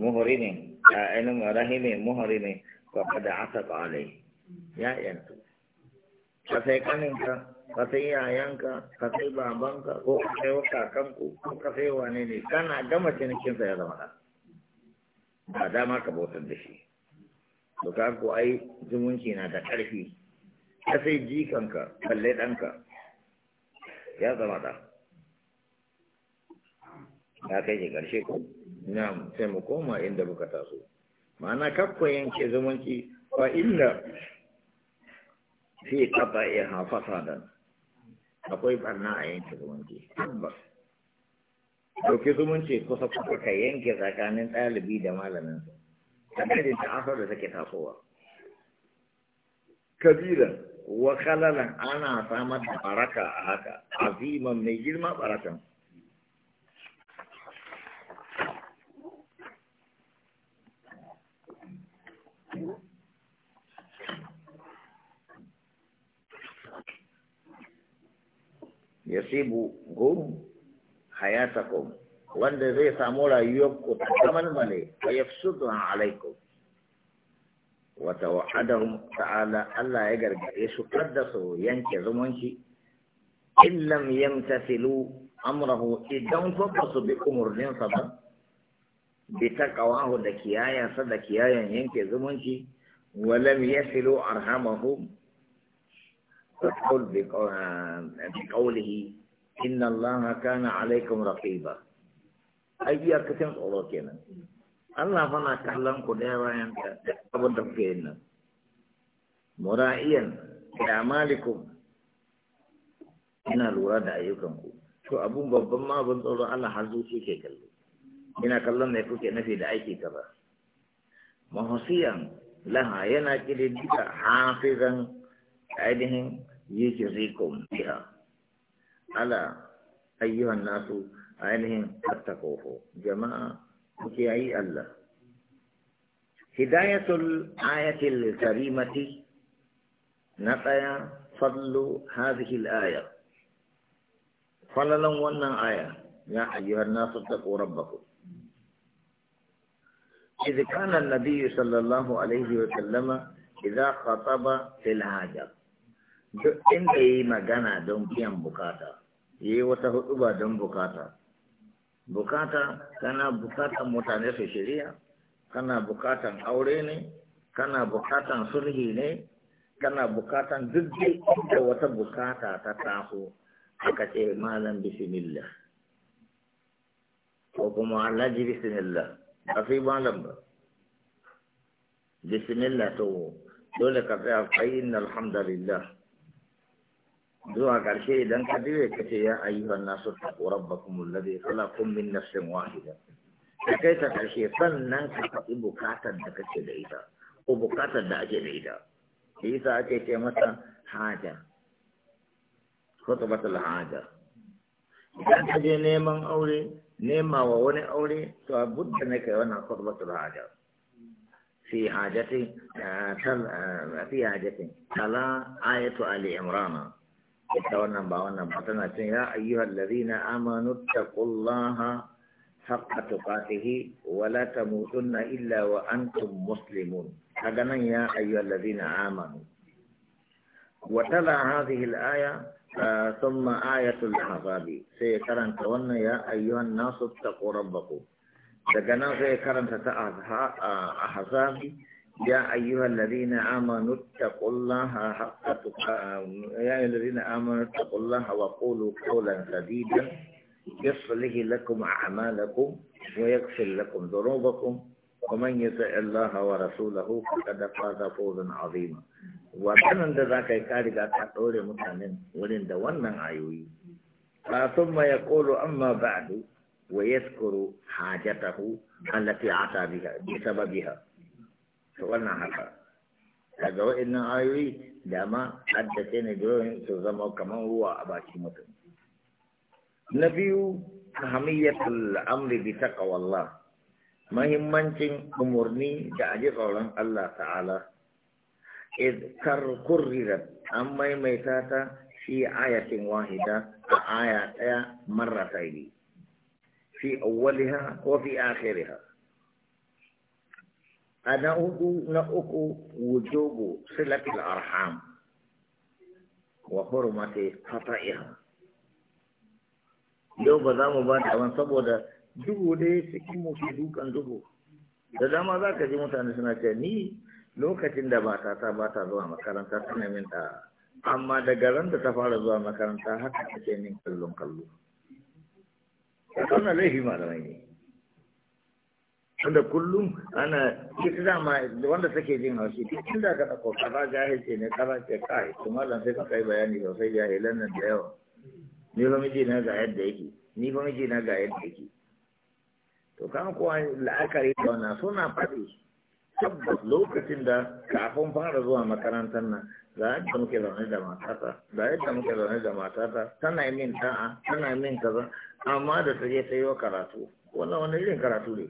muhuri ne a ainihin rahime muhuri ne ba ka da aka ƙwale ya yantu ka sai ƙaninka. ka sai yayanka ka sai babanka ko ka sai kakanku ko ka sai wane ne kana gama cinikinsa ya zama ɗan ba dama ka bautar da shi to ka ko ai zumunci na da ƙarfi ka sai jikanka balle ɗanka ya zama ɗa ya kai shi ƙarshe ko na sai mu koma inda muka taso ma'ana kakwai yanke zumunci fa inda fi ƙafa iya hafa sadan akwai barna a yanke zumunci tabbas dauke zumunci kusa kusa ka yanke tsakanin ɗalibi da malamin ɗan hadirin ta asar da take tasowa kabiran wa kalalan ana samar da baraka a haka aziman mai girma barakan yasibu gum hayatakum wanda zai samu rayuwarku ta kamalmale wa a alaikum wata tawaddahum ta'ala Allah ya gargaɗe su kada su yanke zumunci in lam filu amrahu idan ko su bi umurnin ba bi taqwahu da kiyayansa da kiyayan yanke zumunci wa lam yasilu arhamahum فقل بقوله inna Allah kana alaikum raqiba ai iya kasan tsoro kenan Allah fa na kallon ku da bayan abun da kuke yin nan mura'iyan da malikum ina lura da ayyukan ku to abun babban ma abun tsoro Allah har zuci ke kallo ina kallon mai kuke nafi da aiki kaza mahasiyan laha yana kididdiga hafizan ainihin yake rikon biha ala ayyuhan nasu ainihin attakoho jama'a kuke yi Allah hidayatul ayatil karimati na ɗaya fadlu hazihil aya falalan wannan aya ya ayyuhan nasu taqu rabbakum إذ كان النبي صلى الله عليه وسلم إذا خطب في الحاجة duk inda yi magana don biyan bukata yi wata hudu ba don bukata bukata kana bukatan mutane su shirya kana bukatan aure ne kana bukatan sulhi ne kana bukatan duk inda wata bukata ta taho aka ce malam bismillah ko kuma alhaji bismillah ba fi malam ba bismillah to dole ka tsaya fa alhamdulillah. دوا كارشي دان كديو كتي يا أيها الناس اتقوا ربكم الذي خلقكم من نفس واحدة كيف كارشي فنن كتي بوكاتا دكتي دايدا وبوكاتا داجي دايدا إيسا كتي مثلا حاجة خطبة الحاجة إذا كتي نيما أولي نيما ووني أولي فبد نكي وانا خطبة الحاجة في حاجتي آه تل آه في حاجتي تلا آية آل عمران ta wannan ba wannan ba tana cin ya ayyuhal ladina amanu taqullaha haqqa tuqatihi wa la tamutunna illa wa antum muslimun kaga nan ya ayyuhal ladina amanu wa tala hadhihi al-aya ah, thumma ayatul azabi sai karanta wannan ya ayyuhan nasu taqu rabbakum daga nan sai karanta ta ahzabi يا أيها الذين آمنوا اتقوا الله حق تقاته يا أيها الذين آمنوا اتقوا الله وقولوا قولا سديدا يصلح لكم أعمالكم ويغفر لكم ذنوبكم ومن يطع الله ورسوله فقد فاز فوزا عظيما وكان ذاك كارغا كدور متانين ولين da wannan ayoyi ثم يقول أما بعد ويذكر حاجته التي عطى بها بسببها to wannan haka daga wa'annan ayoyi dama haddace ne domin su zama kamar ruwa a bakin mutum na biyu ahamiyyatul amri bi taqwallah mahimmancin umurni da aji tsoron Allah ta'ala id karkurrirat an maimaita ta fi ayatin wahida a aya ɗaya marrataini fi awwaliha wa fi akhiriha Ana uku na uku wujubu silatul arham wa hurmati qata'iha yau ba za mu ba da wani saboda dubu dai cikin mu ke dukan dubu. da dama za ka ji mutane suna ce ni lokacin da ba ta ta zuwa makaranta tana min ta amma da ran da ta fara zuwa makaranta haka take min kallon kallo wannan laifi malamai ne wanda kullum ana cikin dama wanda suke jin haushi cikin da ka ɗauko kaza jahilce ne kaza ce kai kuma lan sai ka kai bayani sosai jahilan nan da yawa ni ba miji na ga yadda yake ni ba miji na ga yadda yake to kan kuwa la'akari da wannan suna faɗi tabbas lokacin da kafin fara zuwa makarantar nan ga yadda muke zaune da matata ga yadda muke zaune da matata tana min ta'a tana min kaza amma da ta je ta yi karatu wannan wani irin karatu ne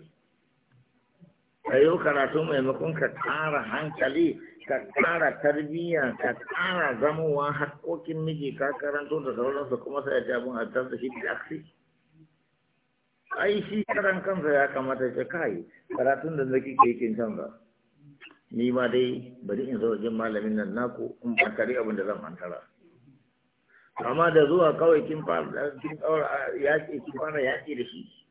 ka yi karatu maimakon ka ƙara hankali ka ƙara tarbiyya ka ƙara zamowa haƙoƙin miji ka karanto da sauransu kuma sai ya ji abin da shi da aksi ai shi karan kansa ya kamata ce kai karatun da zaki ke kin canza ni ma dai bari in zo jin malamin nan naku in ba tare abin da zan hantara amma da zuwa kawai kin fara kin fara yaki da shi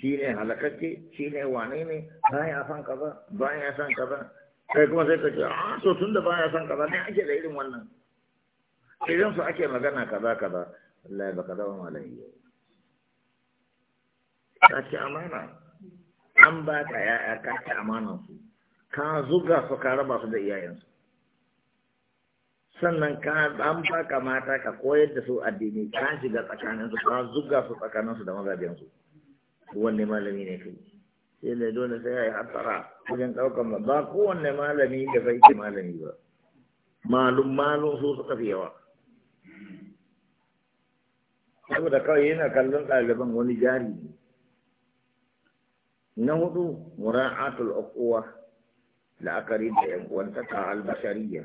shi ne halakacce shi ne wane ne baya san kaza ya san kaza kai kuma sai ka ce a ah, to tun da baya san kaza ne ake da irin wannan idan su ake magana kaza kaza Allah ba kaza ba malai ka ci amana an ba ka ya'ya ka ci amana su ka zuga su ka raba su da iyayensu sannan ka an baka mata ka koyar da su addini ka shiga tsakaninsu ka zuga su tsakaninsu da mazajensu wanne malami ne kai sai da dole sai ya yi hatsara wajen ɗaukan ba ba kowanne malami da bai ke malami ba malum malum su suka fi yawa saboda kawai yana kallon ɗaliban wani jari ne na hudu mura'atul uquwa la'akari da yan ta albashariya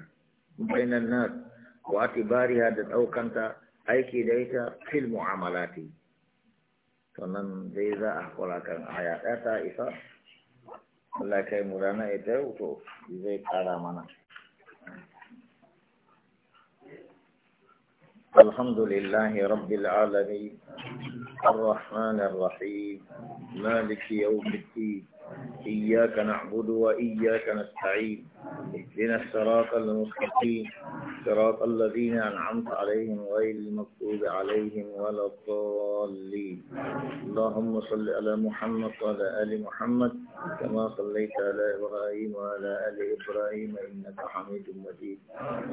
bainan nas wa atibariha da ɗaukanta aiki da ita fil mu'amalati sannan dai za a hakura kan ta isa Allah kai mu rana ita yau to zai ƙara mana الحمد لله رب العالمين الرحمن الرحيم مالك يوم الدين إياك نعبد وإياك نستعين اهدنا الصراط المستقيم صراط الذين أنعمت عليهم غير المغضوب عليهم ولا الضالين اللهم صل على محمد وعلى آل محمد كما صليت على إبراهيم وعلى آل إبراهيم إنك حميد مجيد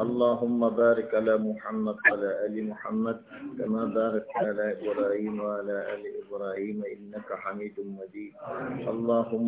اللهم بارك على محمد وعلى آل محمد كما باركت على إبراهيم وعلى آل إبراهيم إنك حميد مجيد اللهم